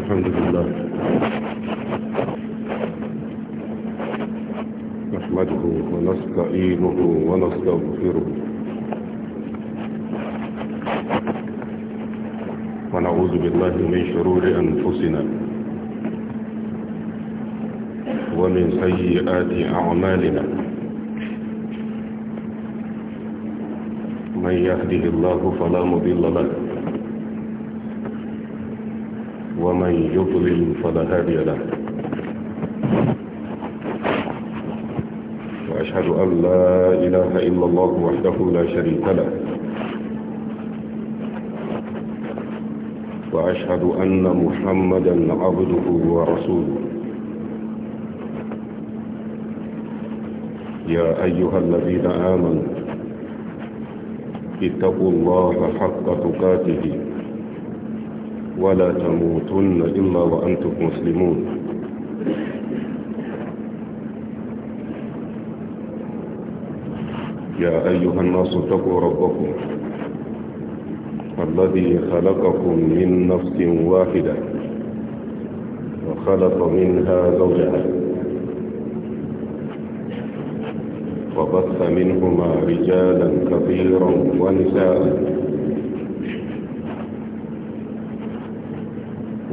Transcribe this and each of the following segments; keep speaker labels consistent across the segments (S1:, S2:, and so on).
S1: الحمد لله نحمده ونستعينه ونستغفره ونعوذ بالله من شرور أنفسنا ومن سيئات أعمالنا من يهده الله فلا مضل له ومن يضلل فلا هادي له وأشهد أن لا إله إلا الله وحده لا شريك له وأشهد أن محمدا عبده ورسوله يا أيها الذين آمنوا اتقوا الله حق تقاته ولا تموتن إلا وأنتم مسلمون يا أيها الناس اتقوا ربكم الذي خلقكم من نفس واحدة وخلق منها زوجها وبث منهما رجالا كثيرا ونساء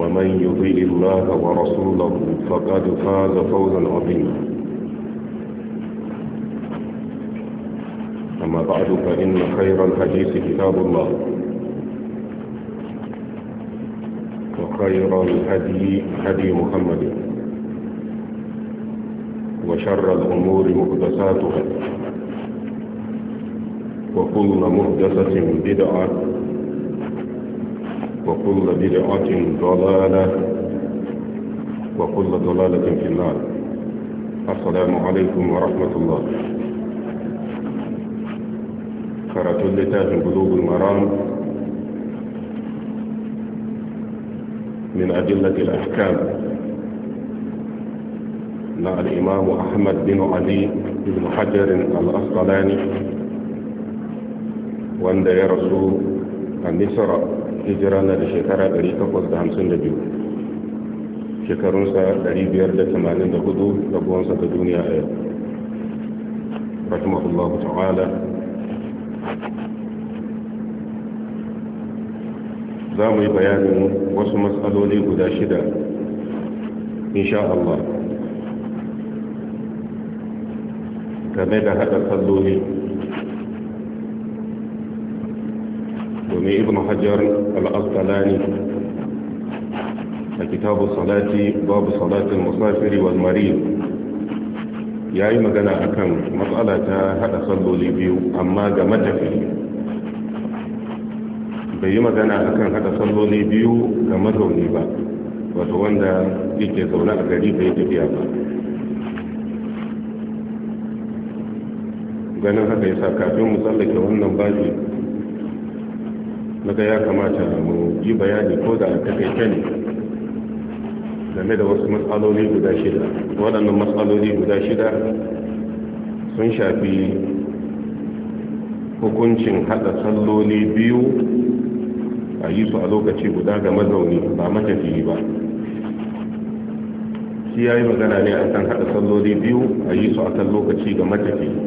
S1: ومن يطيع الله ورسوله فقد فاز فوزا عظيما أما بعد فإن خير الحديث كتاب الله وخير الهدي هدي محمد وشر الأمور مقدساتها وكل مهدسة بدعة وكل بدعة ضلالة وكل ضلالة في النار السلام عليكم ورحمة الله قرأت اللتاف قلوب المرام من أدلة الأحكام مع الإمام أحمد بن علي بن حجر الأصلاني وأن رسول النسرة hijira na da shekara 852 shekarunsa 584 da buwansa ta duniya a yau rahimahullahu ta'ala za mu yi bayanin wasu matsaloli guda shida insha Allah game da haɗa salloli da ibn hajjar al'askalani a kitabu salati babu salatin musafiri wal mariyu ya yi magana kan matsala ta haɗa salloli biyu amma ga matafiya bai yi magana kan haɗa salloli biyu ga mazauni ba wato wanda yake zaune a gari bai tafiya ba ganin haka yasa kafin mu tsallake wannan baji daga ya kamata mu yi bayani ko da takaice ne game da wasu matsaloli guda shida waɗannan matsaloli guda shida sun shafi hukuncin haɗa salloli biyu a yi su a lokaci guda ga mazauni ba matafiyi ba shi ya yi magana ne a kan haɗa salloli biyu a yi su a kan lokaci ga matafiyi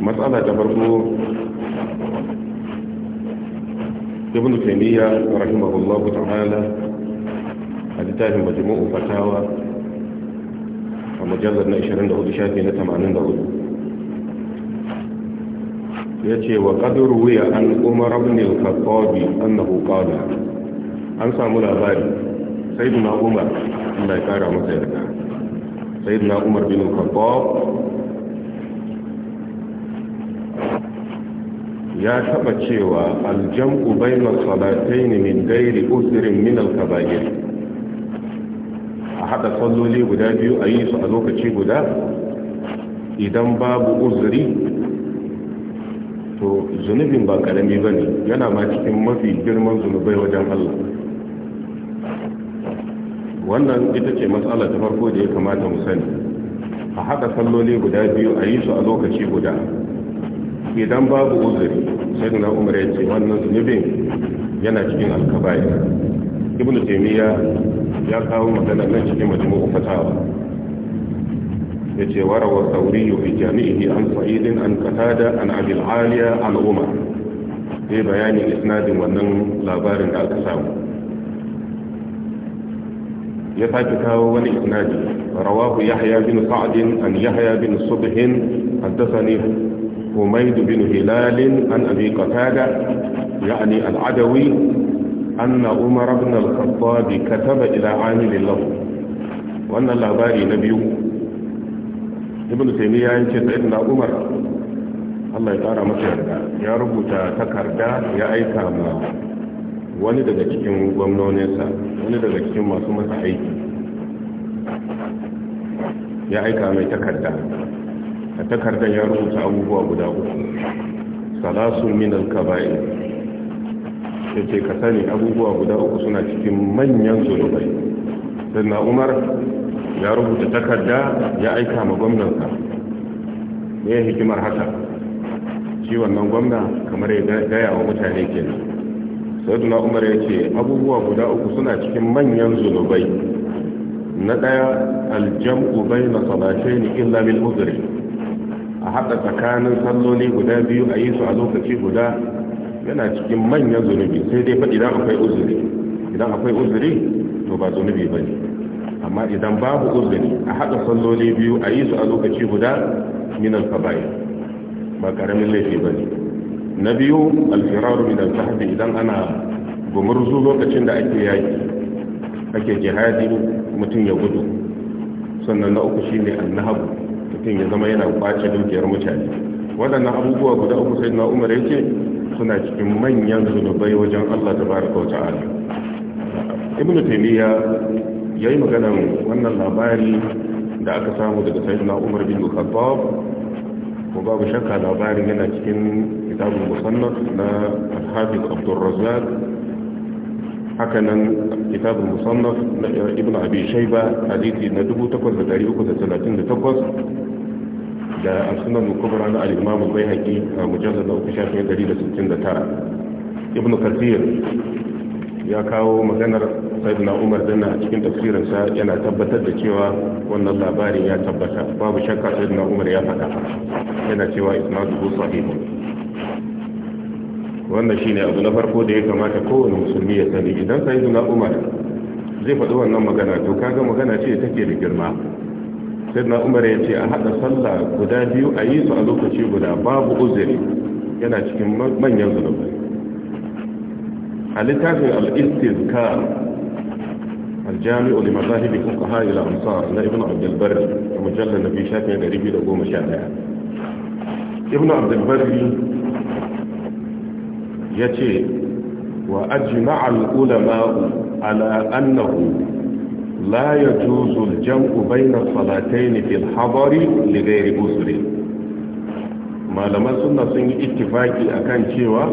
S1: matsala ta farko ابن تيمية رحمه الله تعالى حديثاته مجموع فتاوى ومجلد نأشر عنده دشاتي نتم عن عنده يأتي وقد روي عن عمر بن الخطاب أنه قال عن سامو الأباري سيدنا عمر الله يكاير عمر سيدنا عمر بن الخطاب ya taba cewa aljam'u bainal ne min gairi usrin min al-kaba'ir a haɗa salloli guda biyu a yi su a lokaci guda idan babu uzuri to zunubin ba karami bane yana ma cikin mafi girman zunubai wajen Allah wannan ita ce matsala ta farko da ya kamata mu sani a hada salloli guda biyu a yi su a lokaci guda idan babu uzuri sai na umar ya ce wannan zunubin yana cikin alkabai ibn taymiya ya kawo magana nan cikin majmu'u fatawa ce warawa sauri fi jami'ihi an sa'idin an katada an abil aliya an umar sai bayanin isnadin wannan labarin da aka samu ya sake kawo wani isnadi rawahu yahya bin sa'd an yahya bin subh haddathani حميد بن هلال عن أبي قتادة يعني العدوي أن عمر بن الخطاب كتب إلى عامل له وأن الأباري نبي ابن تيمية ينشي سيدنا عمر Allah ya ƙara masa yarda ya rubuta takarda ya aika ma wani daga cikin gwamnoninsa wani daga cikin masu masa aiki ya aika mai takarda a takardar ya rubuta abubuwa guda uku salasun min alkaba'i ya ce ka sani abubuwa guda uku suna cikin manyan zunubai sannan umar ya rubuta takarda ya aika ma gwamnansa me ya hikimar haka shi wannan gwamna kamar ya gaya wa mutane kenan sayyiduna umar ya ce abubuwa guda uku suna cikin manyan zunubai na ɗaya aljam'u bai na salashe ni illa bil uzuri a haɗa tsakanin salloli guda biyu a yi su a lokaci guda yana cikin manyan zunubi sai dai faɗi idan akwai uzuri idan akwai uzuri to ba zunubi ba ne amma idan babu uzuri a haɗa salloli biyu a yi su a lokaci guda minan kaba'i ba ƙaramin laifi ba ne na biyu alfirar minan sahabi idan ana gumurzu lokacin da ake yaki ake jihadi mutum ya gudu sannan na uku shine annahabu mutum ya zama yana kwace dukiyar mutane waɗannan abubuwa guda uku sai na umar yake suna cikin manyan zunubai wajen Allah da baraka wata ala ibnu ya yi maganar wannan labari da aka samu daga na umar bin khattab ko babu shakka labarin yana cikin kitabul musamman na Alhafi hafiz haka nan kitabul musannaf na ibn abi shaiba hadithi na 8338 da as-sunan al-kubra na al-imam al-baihaqi mujallad na 369 ibn kathir ya kawo maganar sayyidina umar dana a cikin tafsirinsa yana tabbatar da cewa wannan labarin ya tabbata babu shakka sayyidina umar ya faɗa yana cewa isnaduhu sahih wannan shine abu na farko da ya kamata kowane musulmi ya sani idan sai na umar zai faɗi wannan magana to kaga magana ce take da girma sai na umar ya ce a haɗa sallah guda biyu a yi su a lokaci guda babu uzuri yana cikin manyan zunubai a littafin al-istizkar الجامع لمذاهب فقهاء الأمصار لابن عبد البر مجلد النبي شافعي 211 ابن عبد البر ya ce wa ajma'al ulama'u ala annahu la yajuzu al-jam'u bayna salatayn fi al-hadari li ghairi usri malaman sunna sun yi ittifaki akan cewa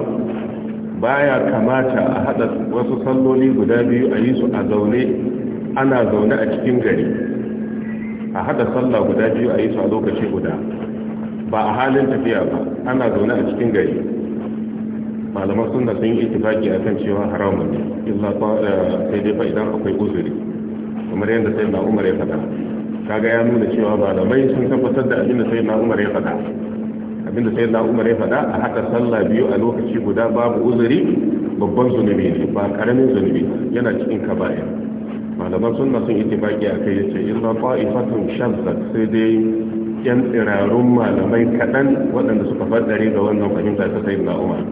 S1: baya kamata a hada wasu salloli guda biyu a yi su a zaune ana zaune a cikin gari a hada sallah guda biyu a yi su a lokaci guda ba a halin tafiya ba ana zaune a cikin gari malaman sunna sun yi ittifaki akan cewa haramun ne illa eh, sai dai fa'idan akwai uzuri kamar yadda sai na umar ya faɗa kaga ya nuna cewa malamai sun tabbatar da abinda sai na umar ya faɗa abinda sai na umar ya faɗa a haka sallah biyu a lokaci guda babu uzuri babban zunubi ne ba karamin zunubi yana cikin kabaya malaman sunna sun ittifaki a kai ya ce illa fa'ifatun shazzat sai dai yan tsirarun malamai kaɗan waɗanda suka faddare ga wannan fahimta ta sai na umar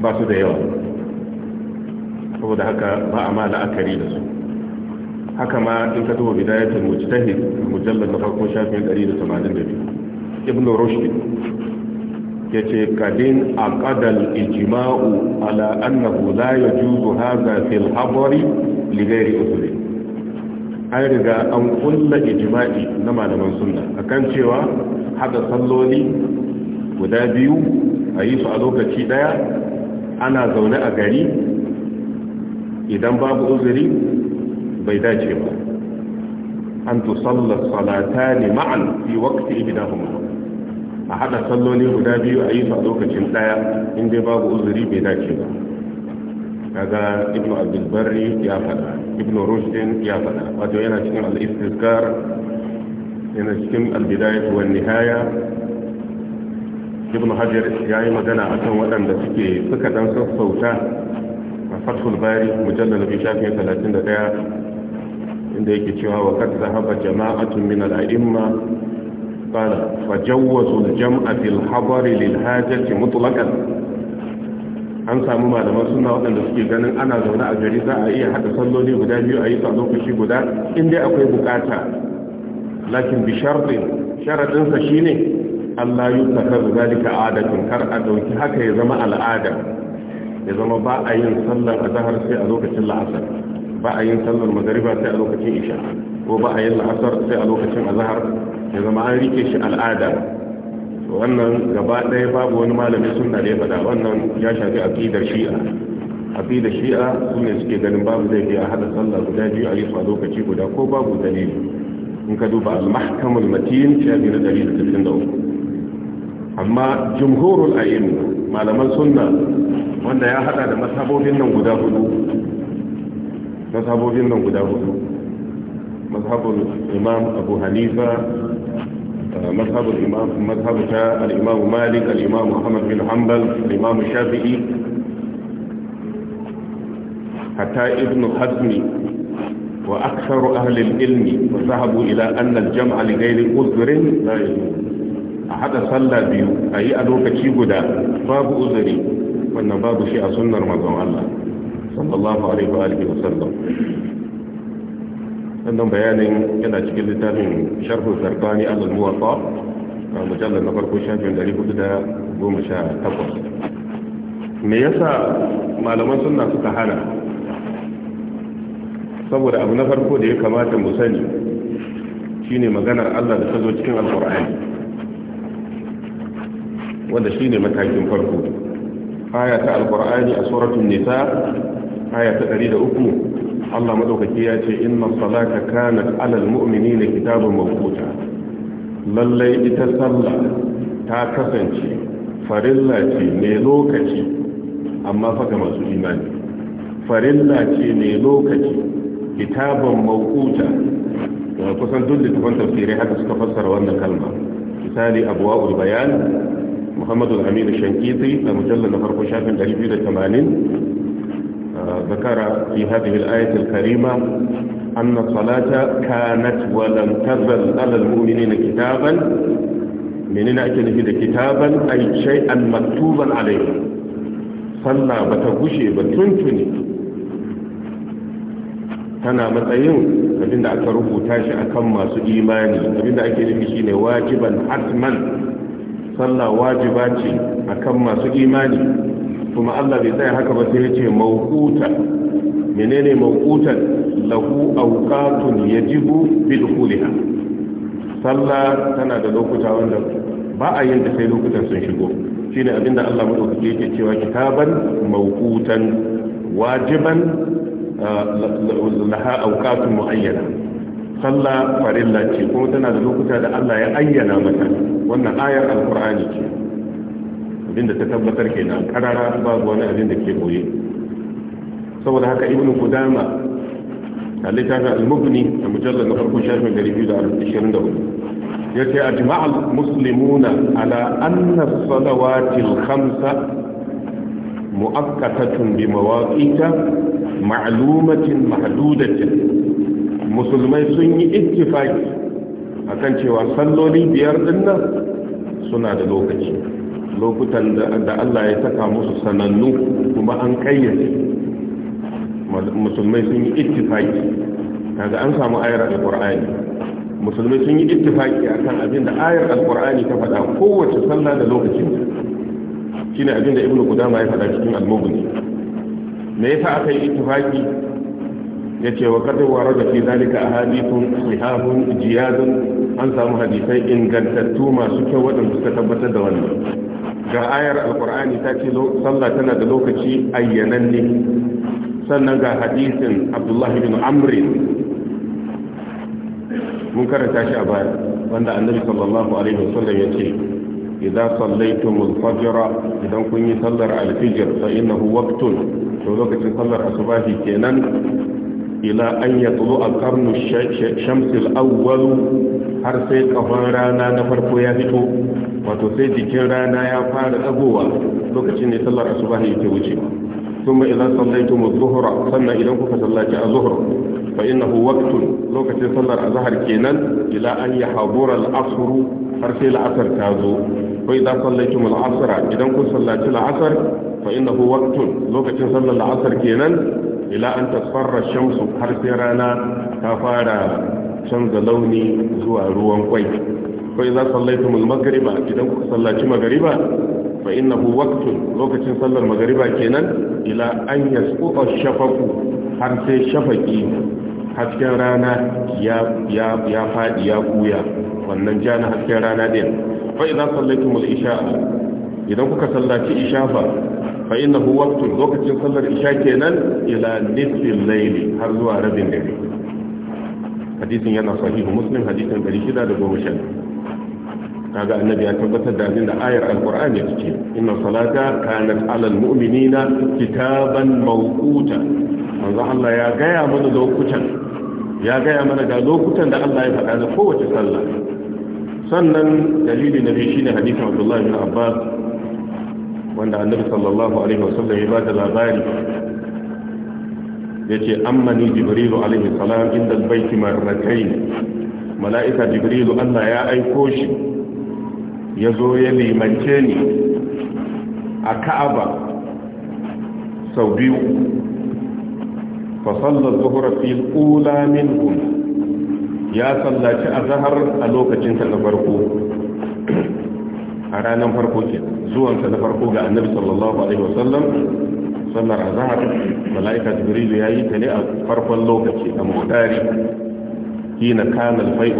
S1: ba su da yawa saboda haka ba a ma la'akari da su haka ma in ka duba bidayatul mujtahid mujallad na farko shafin 182 ibnu rushd yace kadin aqadal ijma'u ala annahu la yajuzu hadha fil habari li ghairi usuli an riga an kulla ijma'i na malaman sunna akan cewa hada salloli guda biyu a yi su a lokaci daya ana zaune a gari idan babu uzuri bai dace ba an tu tusalla ne ma'an fi waqti ihdahuma a haɗa salloli guda biyu a yi su a lokacin daya in dai babu uzuri bai dace ba kaga ibn abdul barri ya fada ibn rushdin ya faɗa wato yana cikin al-istizkar yana cikin al-bidayah wa nihaya ibn hajar ya yi magana a kan waɗanda suke suka ɗan sassauta a fathul bari mujallar na bishafin 31 inda yake cewa wa kad zahaba jama'atun min al'a'imma qala fa jawwazu al habari lil hajati mutlaqan an samu malaman suna waɗanda suke ganin ana zaune a gari za a iya haɗa salloli guda biyu a yi sa lokaci guda in dai akwai bukata lakin bi sharɗin sharaɗinsa shine Allah yi takar zalika adatun kar a ɗauki haka ya zama al'ada ya zama ba a yin sallar zahar sai a lokacin la'asar ba a yin sallar magariba sai a lokacin isha ko ba a yin la'asar sai a lokacin zahar ya zama an rike shi al'ada wannan gaba ɗaya babu wani malamin sunna da ya faɗa wannan ya shafi aqidar shi'a aqidar shi'a su ne suke ganin babu zai biya hada sallar guda biyu a yi a lokaci guda ko babu dalili in ka duba al-mahkamul matin shafi na 163 amma jumhurul a'imma malaman sunna wanda ya hada da mashabobin nan guda hudu mashabobin nan guda hudu mashabul imam abu hanifa imam al-imam malik مذهب الإمام مذهب الإمام مالك الإمام محمد بن حنبل الإمام الشافعي حتى ابن حزم وأكثر أهل العلم ذهبوا إلى أن الجمع لغير عذر لا يجوز a haɗa sallah biyu a yi a lokaci guda babu uzuri wannan babu shi a sunnar mazan Allah sallallahu alaihi wa alihi wa sallam wannan bayanin yana cikin littafin sharhu sarkani al muwatta a mujallar na farko shafin 418 me yasa malaman sunna suka hana saboda abu na farko da ya kamata mu sani shine maganar Allah da ta zo cikin Al-Qur'ani. wanda shine matakin farko aya ta alqur'ani a suratun nisa aya ta 103 Allah maɗaukaki ya ce inna salata kana alal na kitaban mawquta lallai ita sallah ta kasance farilla ce ne lokaci amma fa masu imani farilla ce ne lokaci kitaban mawquta kusan duk littafan tafsirai haka suka fassara wannan kalma misali abuwa bayan محمد الأمير الشنكيطي المجلد نفر شاف الألفين الثمانين آه، ذكر في هذه الآية الكريمة أن الصلاة كانت ولم تزل على المؤمنين كتابا منين أجل هذا كتابا أي شيئا مكتوبا عليه صلى بتغشي بتنتني tana matsayin abinda aka rubuta shi سجيماني masu imani abinda ake nufi shine sallah wajiba ce akan masu imani kuma Allah bai tsaya haka ba sai ya ce mawquta menene mawqutan lahu awqatun yajibu bi dukhuliha sallah tana da lokuta wanda ba a yin da sai lokutan sun shigo shine abinda Allah madaukake yake cewa kitaban mawqutan wajiban uh, laha awqatun muayyana sallah farilla ce kuma tana da lokuta da Allah ya ayyana mata wannan ayar alkur'ani ce abinda ta tabbatar kenan karara babu wani abin da ke boye saboda haka ibnu qudama a littafin al-mughni a mujallal na farko shafin 224 yace ajma'a al-muslimuna ala anna as-salawati al-khamsa mu'akkatun bi mawaqita ma'lumatin mahdudatin musulmai sun yi ittifaki akan cewa salloli biyar dinnan suna da lokaci lokutan da Allah ya saka musu sanannu kuma an kayyade musulmai sun yi ittifaki kaga an samu ayar alqur'ani musulmai sun yi ittifaki akan abin da ayar alqur'ani ta faɗa kowace sallah da lokacin shine abin da ibnu qudama ya faɗa cikin al-mughni me yasa aka yi ittifaki yace wa qad warada fi zalika ahadithun sihahun jiyadun an samu hadisai ingantattu masu kyau wadanda suka tabbatar da wannan ga ayar alqur'ani ta ce sallah tana da lokaci ne sannan ga hadisin abdullahi bin amr mun karanta shi a baya wanda annabi sallallahu alaihi wasallam yace idza sallaytumul fajra idan kun yi sallar alfijr fa innahu waqtun to lokacin sallar asubahi kenan إلى أن يطلع القرن الشمس الأول har sai kafin rana na farko ya fito wato sai jikin rana ya fara agowa lokacin ne sallar asuba ne yake wuce sun ba idan sallaitu mu zuhura sannan idan kuka sallaci a zuhura fa innahu waqtun lokacin sallar azhar kenan ila an ya hadura al-asr har sai al-asr ta zo fa idza sallaitu idan kun sallaci la'asar asr fa innahu waqtun lokacin sallar la'asar kenan ila an tasfarra shamsu har sai rana ta fara canza launi zuwa ruwan kwai fa idza sallaytum al-maghriba idan kuka sallaci maghriba fa innahu waqtun lokacin sallar maghriba kenan ila an yasquta ash-shafaqu har sai shafaqi hasken rana ya faɗi ya kuya wannan ja hasken rana ɗin fa idan sallaitu mul isha idan kuka sallaci isha fa fa innahu waqtu lokacin sallar isha kenan ila nisfil layli har zuwa rabin dare hadisin yana sahihu muslim hadisin 610 kaga annabi ya tabbatar da abin da ayar alqur'ani take inna salata kanat alal mu'minina kitaban mawquta manzo Allah ya gaya mana lokutan ya gaya mana ga lokutan da Allah ya faɗa da kowace sallah sannan dalili na biyu shine hadisin Abdullah ibn Abbas wanda annabi sallallahu alaihi wasallam ya bada labari yace ammani jibrilu alaihi salam inda albayti marratayn mala'ika jibrilu Allah ya aiko shi ya zo ya limance ni a ka'aba sau biyu fasallar zuhura fi ula minhum ya sallaci a zahar a lokacinta na farko a ranar farko ke zuwansa na farko ga annabi sallallahu alaihi wasallam sallar azhar malaika jibril ya yi ta ne a farkon lokaci a muhtari hina kana alfai'u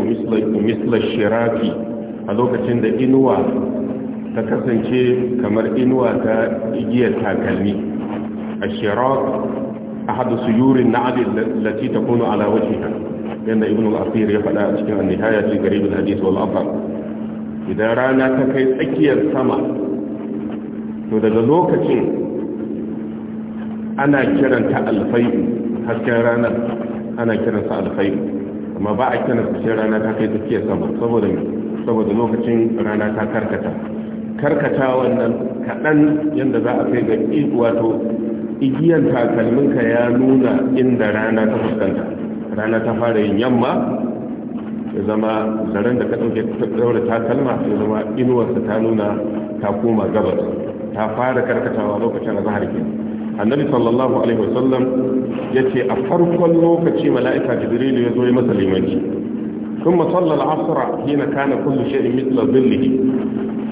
S1: misla shiraki a lokacin da inuwa ta kasance kamar inuwa ta igiyar takalmi a shirak a hada su yurin na adil lati ta kuno ala wajiha yadda ibn al-asir ya faɗa a cikin annihaya ce garibin hadis wal afar idan rana ta kai tsakiyar sama to daga lokacin ana kiranta alfai hasken ranar ana kiransa alfai amma ba a kiransa sai rana ta kai tsakiyar sama saboda saboda lokacin rana ta karkata karkata wannan kaɗan yadda za a kai ga wato igiyar takalminka ya nuna inda rana ta fuskanta rana ta fara yin yamma ya zama zaren da ka ɗauke ta kalma ya zama inuwarsa ta nuna ta koma gabas ta fara karkatawa lokacin azhar ke annabi sallallahu alaihi wasallam ya ce a farkon lokaci mala'ika jibril ya zo ya masa limanci ثم صلى العصر حين كان كل شيء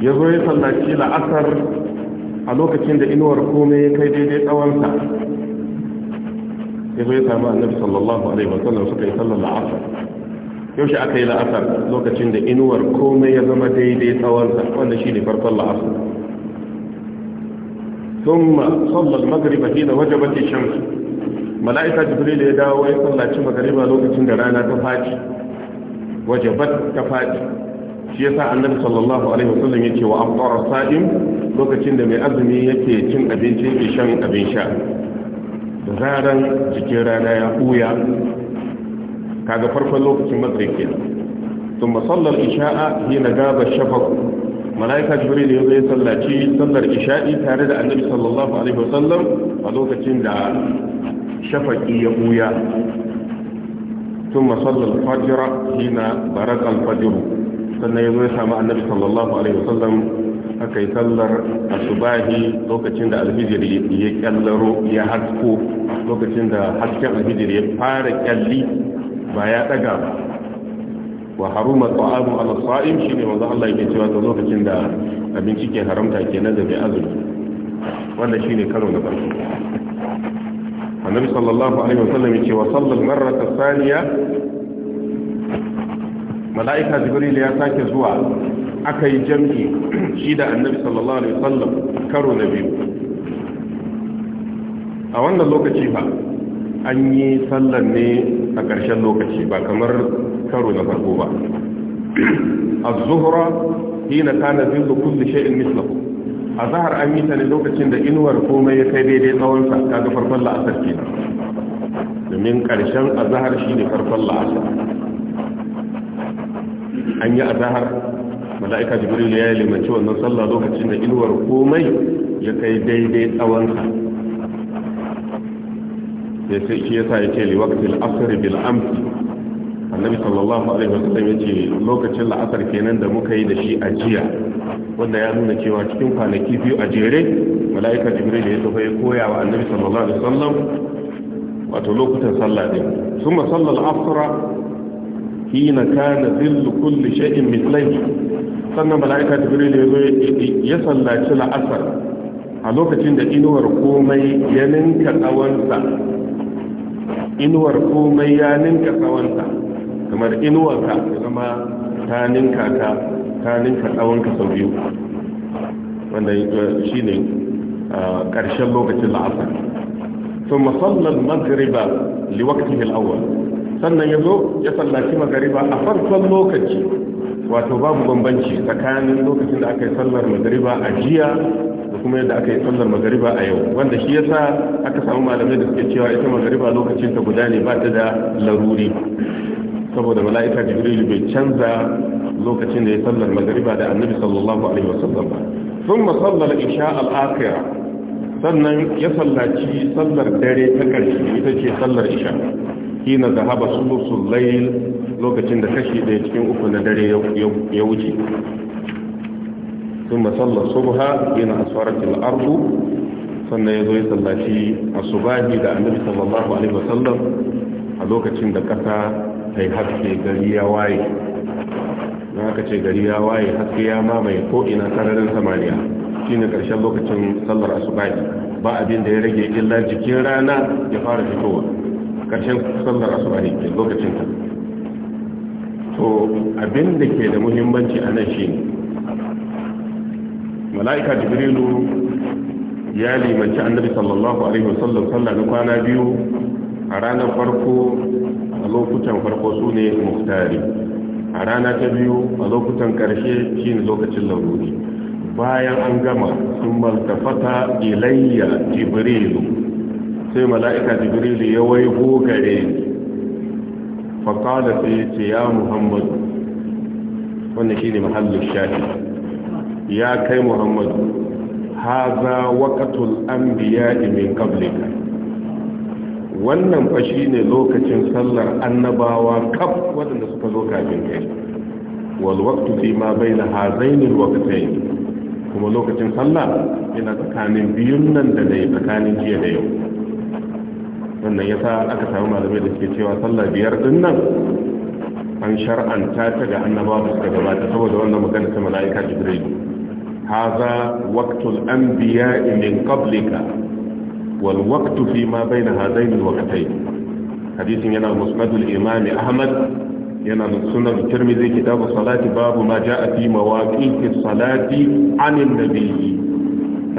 S1: ya zo ya يصلى la'asar a lokacin da inuwar komai ya kai daidai tsawonsa ya zo ya samu annabi sallallahu alaihi wa sallam suka yi sallar la'asar yaushe aka yi la'asar lokacin da inuwar komai ya zama daidai tsawonsa wanda shi ne farkon la'asar ثم صلى ya dawo ya tsallaci Magariba lokacin da rana ta لوكتين درانا bat ta تفاجي shi ya yasa annabi sallallahu alaihi wasallam ce wa afṭara sa'im lokacin da mai azumi yake cin abinci yake shan abin sha da zaran jikin rana ya huya kaga farkon lokacin maghrib kenan thumma salla al-isha'a hina gaba shafaq malaika jibril ya zo ya sallaci sallar isha'i tare da annabi sallallahu alaihi wa sallam a lokacin da shafaqi ya buya thumma salla al-fajr hina baraka al-fajr sannan ya zo ya samu annabi sallallahu alaihi wa wasallam aka yi sallar asubahi lokacin da alhijiri ya kyallaro ya hasko lokacin da hasken alhijiri ya fara kyalli ba ya daga ba wa haruma ta'amu ala sa'im shine manzo Allah yake cewa da lokacin da abinci ke haramta ke da bai azumi wannan shine karo na farko annabi sallallahu alaihi wasallam yake wa sallal marrata thaniya mala'ika jibril ya sake zuwa aka yi jam'i shi da annabi sallallahu alaihi wasallam karo na biyu a wannan lokaci ba. an yi sallar ne a ƙarshen lokaci ba kamar karo na farko ba az-zuhra hina kana zillu kulli shay'in A zahar an yi ta ne lokacin da inuwar komai ya kai daidai tsawonsa, ta ga farkon la'asar kenan domin ƙarshen a zahar shi ne farkon la'asar an yi a zahar mala'ika jibril ya yi limanci wannan sallah lokacin da inuwar komai ya kai daidai tsawonsa. ya ce shi yasa ya ce liwaktil asr bil amsi annabi sallallahu alaihi wasallam ya ce lokacin la'asar kenan da muka yi da shi a jiya wanda ya nuna cewa cikin kwanaki biyu a jere mala'ika jibril ya tafi koya wa annabi sallallahu alaihi wasallam wato lokutan sallah din summa sallal asra hina kana zillu kulli shay'in mithlihi sannan mala'ika jibril ya zo ya sallaci la'asar a lokacin da inuwar komai ya ninka tsawonsa inuwar komai ya ninka tsawonta kamar inuwarka ta zama ta ninka ta ta ninka tsawonka sau biyu wanda eh, shi ne ƙarshen lokacin la'asar sun masallar magariba لوقته hil'awar sannan ya zo ya sallaci magariba a farkon lokaci wato babu bambanci tsakanin lokacin da aka yi sallar magariba a jiya da kuma yadda aka yi sallar magariba a yau wanda shi yasa aka samu malamai da suke cewa ita magariba lokacin ta guda ne ba ta da laruri saboda mala'ika jibril bai canza lokacin da ya sallar magariba da annabi sallallahu alaihi wasallam ba sun sallala isha al sannan ya sallaci sallar dare ta karshe ita ce sallar isha na zahaba sulusul lail lokacin da kashi daya cikin uku na dare ya wuce ثم صلى الصبح بين أسوارة الأرض sannan ya zo ya sallaci a subahi da annabi sallallahu alaihi wasallam a lokacin da kasa ta yi haske gari ya waye na aka ce gari ya waye haske ya mamaye ko sararin samaniya shine lokacin ba abin da ya rage illa jikin rana ya fara fitowa karshen sallar asubahi ke lokacin ta to abin da ke da muhimmanci a nan shine mala'ika jibrilu
S2: ya limanci
S1: annabi sallallahu alaihi wasallam sallah na kwana biyu a ranar farko a lokutan farko su muftari a rana ta biyu a lokutan karshe shi lokacin lauri bayan an gama sun maltafata ilayya jibrilu sai mala'ika jibrilu ya waiho gare faƙada sai ce ya muhammadu wannan shi ne mahallin shafi ya kai muhammadu haza waqatul anbiya'i min qablika wannan fa shine lokacin sallar annabawa kaf wadanda suka zo kafin kai wal waqtu fi ma baina hazaini waqtayn kuma lokacin sallah yana tsakanin biyun nan da dai tsakanin jiya da yau wannan yasa aka samu malamai da ke cewa sallah biyar din nan an shar'anta ta ga annabawa da suka gabata saboda wannan magana ta mala'ika jibril haza waktul anbiya'i min qablika wal waqtu fi ma bayna hadaini alwaqtayn hadisin yana musnad al-imam ahmad yana sunan tirmidhi kitabu salati babu ma jaa fi mawaqiti salati anin nabiyyi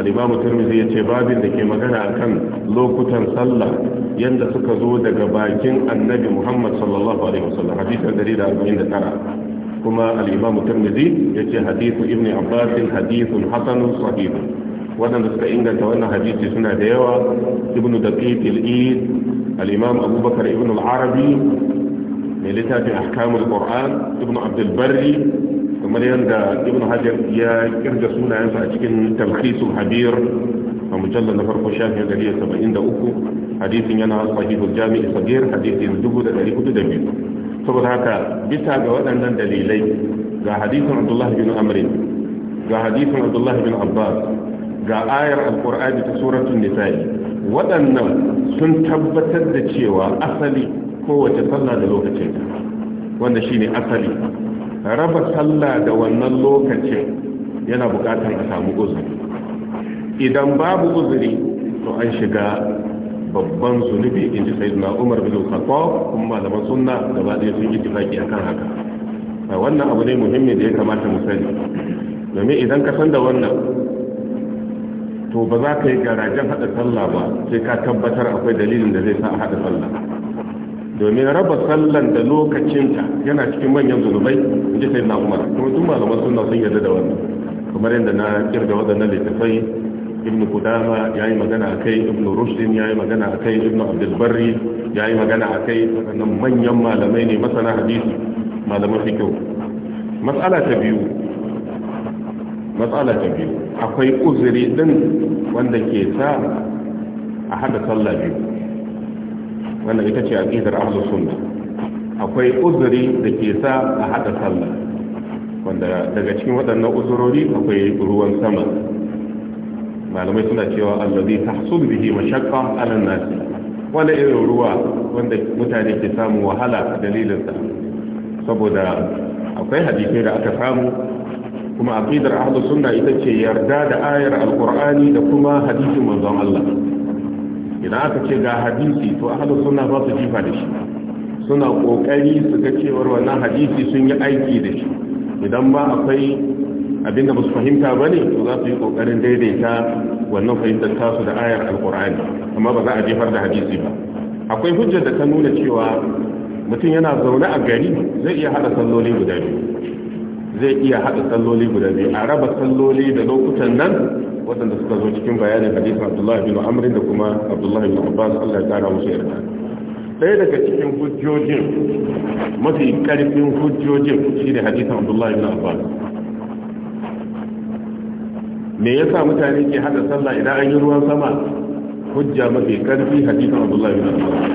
S1: al-imam tirmidhi yace babin da ke magana a kan lokutan sallah yadda suka zo daga bakin annabi muhammad sallallahu alaihi wasallam hadisin 149 كما الإمام الترمذي يجي حديث ابن عباس حديث حسن صحيح وانا نستعين توانا حديث سنة ديوة ابن دقيق الإيد الإمام أبو بكر ابن العربي ملتا في أحكام القرآن ابن عبد البري ثم لأن ابن حجر يا كرجة سنة فأجيكن تلخيص الحبير ومجلد نفر خشاه يدري سبعين دا أكو حديث ينا صحيح الجامع صغير حديث يزدوه دا دا دا saboda haka bisa ga waɗannan dalilai ga hadisin abdullahi bin amrin ga hadisin abdullahi bin abbas ga ayar alkur'ani ta suratun nisa'i waɗannan sun tabbatar da cewa asali kowace sallah da lokacin wanda shine asali raba sallah da wannan lokacin yana buƙatar a samu uzuri idan babu uzuri to an shiga babban zunubi in ji sayyidina umar bin khattab kuma malaman sunna gaba ɗaya sun yi tafaki akan haka wannan abu ne muhimmi da ya kamata mu sani domin idan ka san da wannan to ba za ka yi garajen hada sallah ba sai ka tabbatar akwai dalilin da zai sa a hada sallah domin raba sallan da lokacinta yana cikin manyan zunubai in ji sayyidina umar kuma tun malaman sunna sun yarda da wannan kamar yadda na kirga waɗannan littattafai ibn ya yi magana a kai. ibn Rushdin ya yi magana a kai. ibn Abdulbari ya yi magana a kai. wannan manyan malamai ne masana hadisi malamai malaman kyau. Matsala ta biyu Matsala ta biyu akwai uzuri din wanda ke sa a hada sallah biyu Wanda ita ce aqidar ahlus sunna akwai uzuri da ke sa a hada sallah wanda daga cikin waɗannan uzurori akwai ruwan sama malamai suna cewa allazi tahsul bihi mashaqqa ala an-nas wala irin ruwa wanda mutane ke samu wahala dalilin sa saboda akwai hadisi da aka samu kuma aqidar ahlus sunna ita ce yarda da ayar alqur'ani da kuma hadisin manzon Allah idan aka ce ga hadisi to ahlus sunna ba su jifa da shi suna kokari su ga cewar wannan hadisi sun yi aiki da shi idan ba akwai abinda ba su fahimta ba ne to za su yi kokarin daidaita wannan fahimtar tasu da ayar alkur'ani amma ba za a jefar da hadisi ba akwai hujjar da ta nuna cewa mutum yana zaune a gari zai iya hada salloli guda biyu zai iya salloli guda biyu a raba salloli da lokutan nan waɗanda suka zo cikin bayanin hadisin abdullahi bin amrin da kuma abdullahi bin abbas allah ya kara musu yarda ɗaya daga cikin hujjojin mafi ƙarfin hujjojin shi ne hadisin abdullahi bin abbas me yasa mutane ke hada sallah idan an yi ruwan sama hujja mafi karfi hadisin abdullahi bin abbas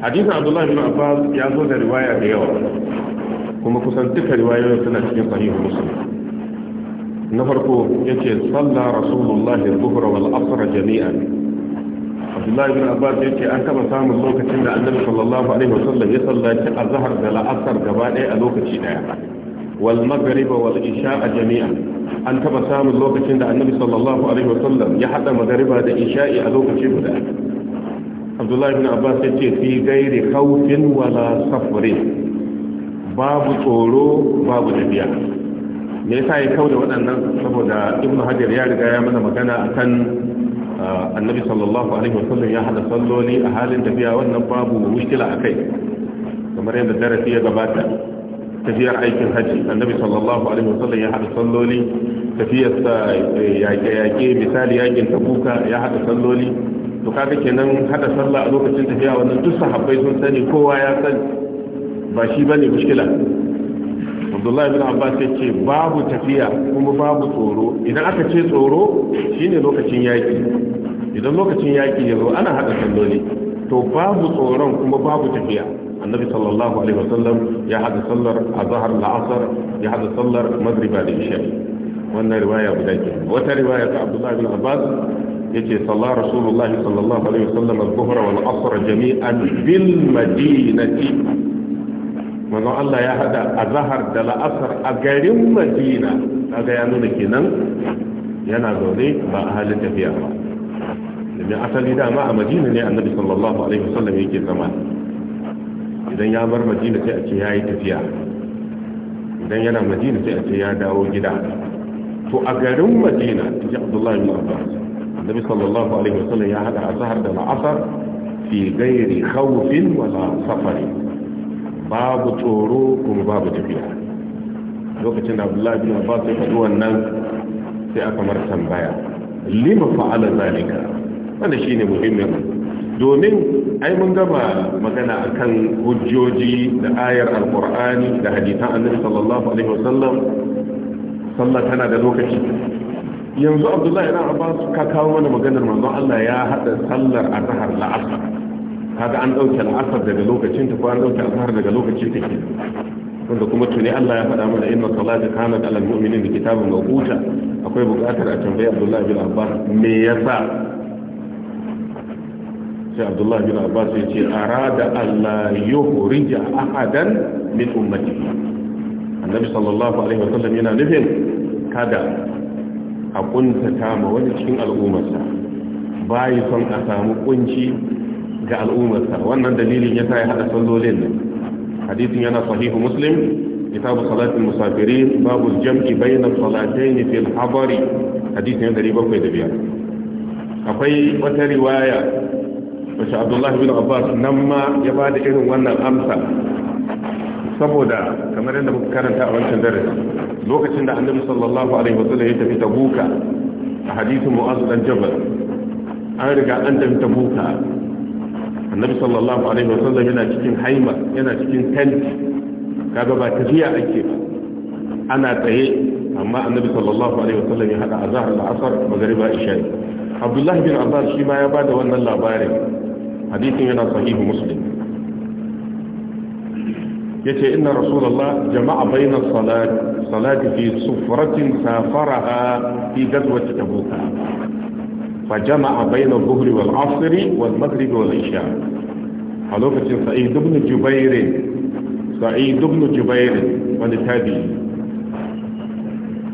S1: hadisin abdullahi bin abbas ya zo da riwaya da yawa kuma kusan duka riwayoyin suna cikin sahihu muslim na farko yace salla rasulullahi dhuhra wal asr jami'an abdullahi bin abbas ya an taba samun lokacin da annabi sallallahu alaihi wasallam ya salla sallaci azhar da la'asar gaba ɗaya a lokaci daya wal maghrib wal isha jami'an an taba samun lokacin da annabi sallallahu alaihi wasallam ya hada magariba da isha'i a lokaci guda abdullahi ibn abbas ya ce fi gairi khawfin wala safri babu tsoro babu tafiya me yasa ya kauda waɗannan saboda ibnu hajar ya riga ya mana magana akan uh, annabi sallallahu alaihi wasallam ya hada salloli a halin tafiya wannan babu mushkila akai kamar yadda darasi ya gabata tafiyar aikin haji annabi sallallahu alaihi wasallam ya hada salloli tafiyar sa eh, yaƙe yake misali yakin tabuka ya hada salloli to kaga kenan hada sallah a lokacin tafiya wannan duk sahabbai sun sani kowa ya sani ba shi bane mushkila abdullahi bin abbas ya ce babu tafiya kuma babu tsoro idan aka ce tsoro shine lokacin yaƙi idan lokacin yaki ya zo ana hada salloli to babu tsoron kuma babu tafiya annabi sallallahu alaihi wasallam ya hada sallar azhar la'asar ya hada sallar magriba da isha wannan riwaya guda ke wata riwaya ta abdullahi bin abbas yace sallar rasulullah sallallahu alaihi wasallam az-zuhra wal asr jami'an bil madinati manzo Allah ya hada azhar da la'asar a garin madina kaga ya nuna kenan yana zaune ba a halin tafiya ba domin asali dama a madina ne annabi sallallahu alaihi wasallam yake zama idan ya bar madina sai a ce ya yi tafiya idan yana madina sai a ce ya dawo gida to a garin madina ji abdullahi bin abbas annabi sallallahu alaihi wasallam ya haɗa azahar da la'asar fi gairi haufin wala safari babu tsoro kuma babu tafiya lokacin da abdullahi bin abbas ya faɗi wannan sai aka mar tambaya lima fa'ala zalika wannan shine muhimmin domin ai mun gama magana akan hujjoji da ayar alkur'ani da hadisan annabi sallallahu alaihi wasallam sallah tana da lokaci yanzu abdullahi ibn abbas ka kawo mana maganar manzon Allah ya hada sallar azhar la'asar kaga an dauke al'asar daga lokacin ta ko an dauke azhar daga lokacin ta wanda kuma tuni Allah ya faɗa mana inna salata kanat alal mu'minin kitabun mawquta akwai buƙatar a tambayi abdullahi ibn abbas me yasa sai abdullahi bin abbas ya ce arada allah yuhrija ahadan min ummati annabi sallallahu alaihi wasallam yana nufin kada a ta ma wani cikin al'ummarsa bayi son a samu kunci ga al'ummarsa wannan dalilin ya sa ya hada sallolin nan hadisin yana sahihu muslim كتاب صلاة المسافرين باب الجمع بين الصلاتين في الحضر حديث da biyar. Akwai أقوي riwaya mashi abdullahi bin abbas nan ma ya ba da irin wannan amsa saboda kamar yadda muka karanta a wancan dare lokacin da annabi sallallahu alaihi wasallam ya tafi tabuka a hadisin mu'az dan jabal an riga an tafi tabuka annabi sallallahu alaihi wasallam yana cikin haima yana cikin tenti kaga ba tafiya ake ana tsaye amma annabi sallallahu alaihi wasallam ya hada azhar al-asr magriba isha Abdullahi bin Abbas shi ma ya bada wannan labarin hadisin yana sahihu muslim yace inna rasulullah jama'a bayna salat salati fi sufratin safaraha fi gazwati tabuk fa jama'a bayna dhuhri wal asri wal maghrib wal isha a lokacin sa'id ibn jubair sa'id ibn jubair wani tabi'i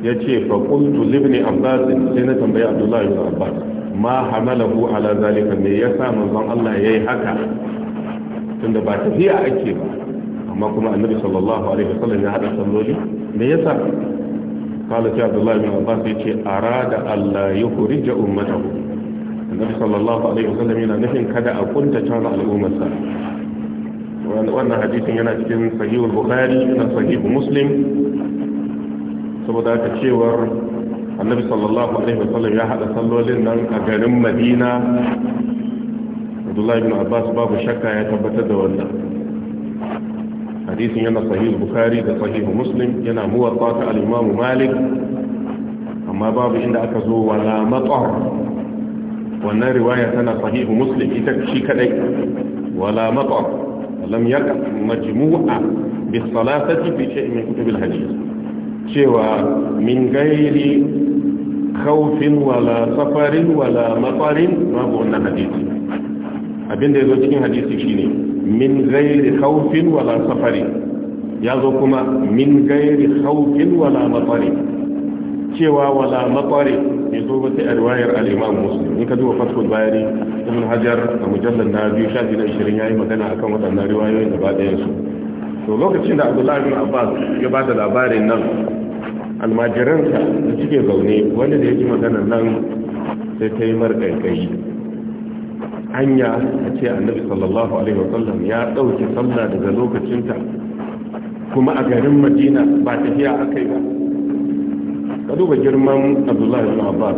S1: ya ce faƙuntu libni abbas sai na tambayi abdullahi ibn abbas ma hamalahu ala zalika me yasa manzon Allah yayi haka tunda ba tafiya ake ba amma kuma annabi sallallahu alaihi wasallam ya hada salloli me yasa قال سي عبد الله بن عباس يتي أراد ألا يخرج أمته النبي صلى الله عليه وسلم يقول نحن كذا أكنت كان الأمة وأن حديث ينا cikin صحيح البخاري من صحيح مسلم saboda haka cewar annabi sallallahu alaihi wasallam ya hada sallolin nan a garin madina abdullahi ibn abbas babu shakka ya tabbatar da wannan hadisin yana sahih bukhari da sahih muslim yana muwatta ta al-imam malik amma babu inda aka zo wala matar wannan riwaya tana sahih muslim ita shi kadai wala matar lam yaqa majmu'a bi salatati bi shay'in min kutub al-hadith cewa min gairi kaufin wala safarin wala matsarin babu wannan hadisi abinda ya zo cikin hadisi shine min gairi kaufin wala safarin ya zo kuma min gairi kaufin wala matsarin cewa wala matsarin bayani رواية hajar a mujallar na فتح الباري ابن na ishirin ya yi magana akan waɗannan riwayoyin da ba ɗayan su to lokacin da abdullahi abbas ya ba da labarin nan almajiransa da suke zaune wani da ya ji magana nan sai ta yi marƙaiƙayi hanya a ce annabi sallallahu alaihi wasallam ya ɗauki sallah daga lokacinta kuma a garin madina ba tafiya aka yi ba ka duba girman abdullahi bin abbas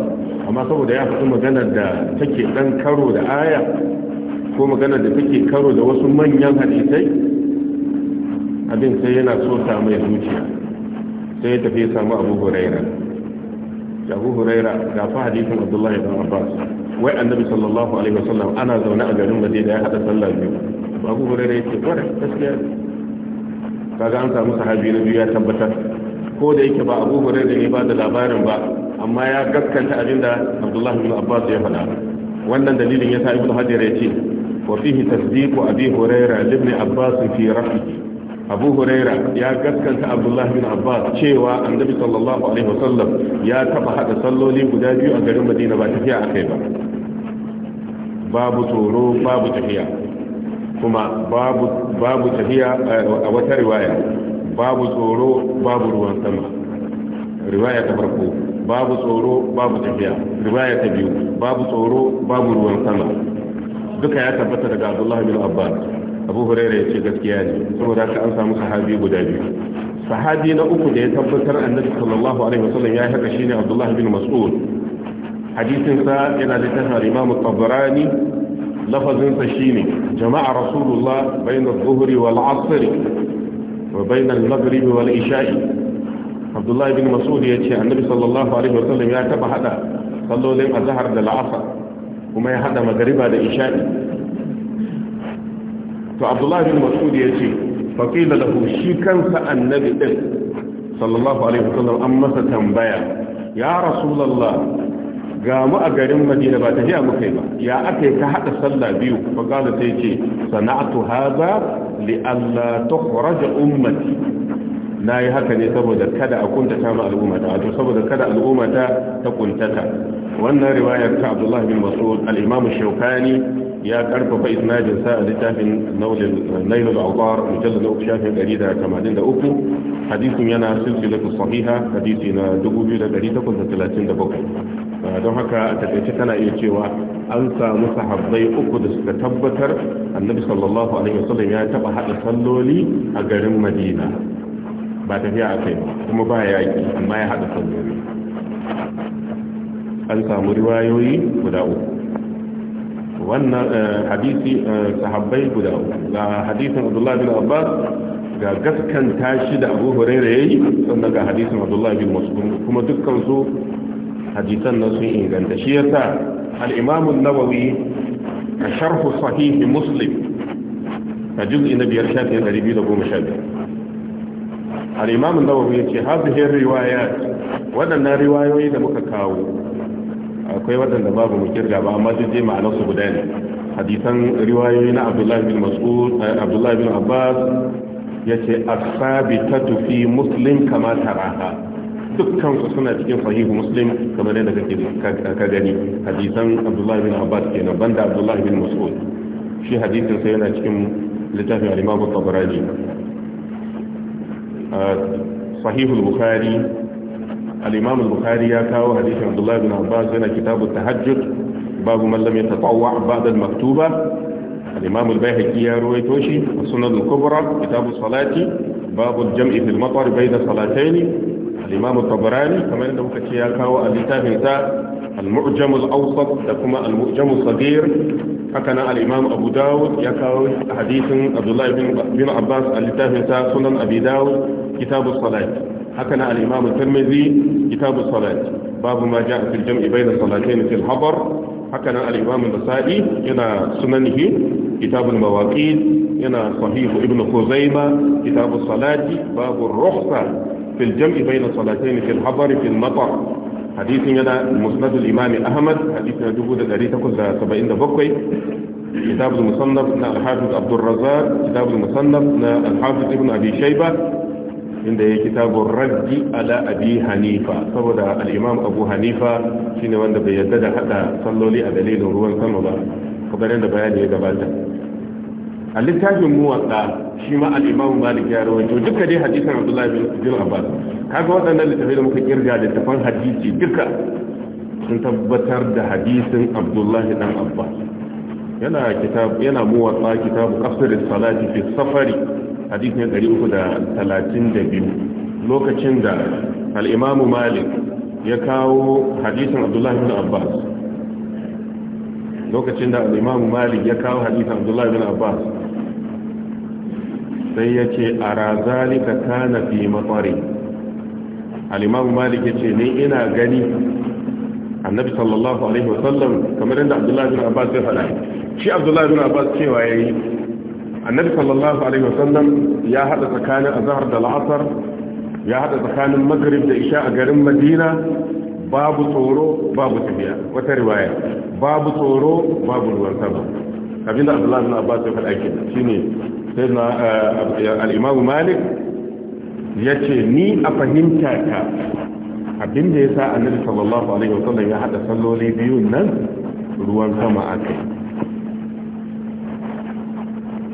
S1: amma saboda ya fi maganar da take ɗan karo da aya ko maganar da take karo da wasu manyan hadisai abin sai yana so ta mai zuciya sai ya tafi samu abu huraira abu huraira ga fa hadisin abdullahi ibn abbas wai annabi sallallahu alaihi wasallam ana zaune a garin madina ya hada sallah biyu abu huraira yake kware gaskiya kaga an samu sahabi na biyu ya tabbatar ko da yake ba abu huraira ne ba da labarin ba amma ya gaskanta abin da abdullahi ibn abbas ya faɗa wannan dalilin yasa ibnu hajar ya ce wa fihi tasdiqu abi huraira ibn abbas fi rafihi abu huraira ya gaskanta abdullah bin abbas cewa annabi sallallahu alaihi wasallam ya taba hada salloli guda biyu a garin madina ba tafiya a kai ba babu tsoro babu tafiya kuma babu babu tafiya eh, a wata riwaya babu tsoro babu ruwan sama riwaya ta farko babu tsoro babu tafiya riwaya ta biyu babu tsoro babu ruwan sama duka ya tabbata daga abdullah bin abbas abu huraira ya ce gaskiya ne saboda ka an samu sahabi guda biyu sahabi na uku da ya tabbatar annabi sallallahu alaihi wasallam ya haka shine abdullah bin mas'ud hadisin sa yana da tafsir imam at-tabarani lafazin sa shine jama'a rasulullah bayna adh-dhuhri wal 'asr wa bayna al-maghrib wal isha'i abdullah bin mas'ud ya ce annabi sallallahu alaihi wasallam ya taba hada sallolin azhar da al-'asr kuma ya hada magriba da isha'i to abdullahi bin mas'ud ya ce faƙila lahu shi kansa annabi ɗin sallallahu alaihi wasallam an masa tambaya ya rasulallah ga mu a garin madina ba tafiya muka ba ya aka yi ka haɗa sallah biyu faƙala sai ce sana'atu haza li Allah ta kuraja ummati na yi haka ne saboda kada a kuntata ma al'ummata wato saboda kada al'ummata ta kuntata wannan riwayar ta abdullahi bin mas'ud al-imam shaukani يا كارب فايز ناجل سائل تافن نول الليل العطار مجلد أوك شافي قريدة كمالين لأوكو حديث ينا سلسلة الصحيحة حديثنا دقو جيدة قريدة كنت ثلاثين دقوكو آه، دوحكا تتشتنا إيه جيوا أنسى مصحف ضي أوكو دسك تبتر النبي صلى الله عليه وسلم يا تبا حق صلو لي أقرم مدينة بعد فيها أكيد ثم بايا يأتي أما يحق صلو لي أنسى مروايوي ودعوكو wannan eh, hadisi eh, sahabbai guda ga hadisin abdullahi bin abbas ga gaskan tashi da abu huraira ya yi sannan ga hadisin abdullahi bin mas'ud kuma dukkan su hadisan nan sun inganta shi yasa al-imam an-nawawi a sharhu sahih muslim a juz'i na biyar shafin 215 al-imam an-nawawi yace hadhihi riwayat wadannan riwayoyi da muka kawo akwai waɗanda babu mu kirga ba amma duk dai ma'anar su guda ne hadisan riwayoyi na abdullahi bin mas'ud eh, abdullahi bin abbas yace as-sabitatu fi muslim kama taraha dukkan su suna cikin sahihu muslim kamar yadda kake ka gani hadisan abdullahi bin abbas ke nan banda abdullahi bin mas'ud shi hadisin sai yana cikin littafin al-imam at-tabarani ah, sahihul bukhari الإمام البخاري يكاو حديث عبد الله بن عباس هنا كتاب التهجد باب من لم يتطوع بعد المكتوبة الإمام البيهقي يروي توشي السنن الكبرى كتاب الصلاة باب الجمع في المطر بين صلاتين الإمام الطبراني كما عندما كتياك كاو الإتاب إتاء المعجم الأوسط لكم المعجم الصغير حكنا الإمام أبو داود يكاو حديث عبد الله بن عباس الإتاب إتاء سنن أبي داود كتاب الصلاة حكنا الإمام الترمذي كتاب الصلاة باب ما جاء في الجمع بين الصلاتين في الحضر حكنا الإمام النسائي هنا سننه كتاب المواقيت هنا صحيح ابن خزيمة كتاب الصلاة باب الرخصة في الجمع بين صلاتين في الحضر في المطر حديث هنا مسند الإمام أحمد حديث جبود الأريتة كزا سبعين دفقي كتاب المصنف الحافظ عبد الرزاق كتاب المصنف الحافظ ابن أبي شيبة عند كتاب الرد على أبي حنيفة فبدا الإمام أبو حنيفة في نوان دبي حتى صلوا لي أدليل وروان كمبا فقدرين دبيان يدباته a littafin muwatsa shi ma al-imam malik wani rawaito duka dai hadisan abdullahi bin abbas kaga waɗannan littafai da muka kirga da tafan hadisi duka sun tabbatar da hadisin abdullahi dan abbas yana kitab yana muwatsa kitabu qasr salati fi safari hadisin 332 lokacin da al-imam malik ya kawo hadisin abdullahi bin abbas lokacin da al'imamu malik ya kawo hadisan abdullahi bin abbas sai ya ce a razalika kana fi matsari alimamu malik ya ce ni ina gani annabi sallallahu alaihi wasallam kamar yadda abdullahi bin abbas ya faɗa shi abdullahi bin abbas cewa ya yi annabi sallallahu alaihi wasallam ya haɗa tsakanin Azahar da la'asar ya haɗa tsakanin maghrib da isha a garin madina babu tsoro babu tafiya wata riwaya babu tsoro babu ruwan sama abinda abdullahi bin abbas ya faɗa kenan shine sai na eh, eh, al'imamu malik ya ce ni a fahimta ta abinda ya sa annabi sallallahu alaihi wasallam ya hada salloli biyun nan ruwan sama a kai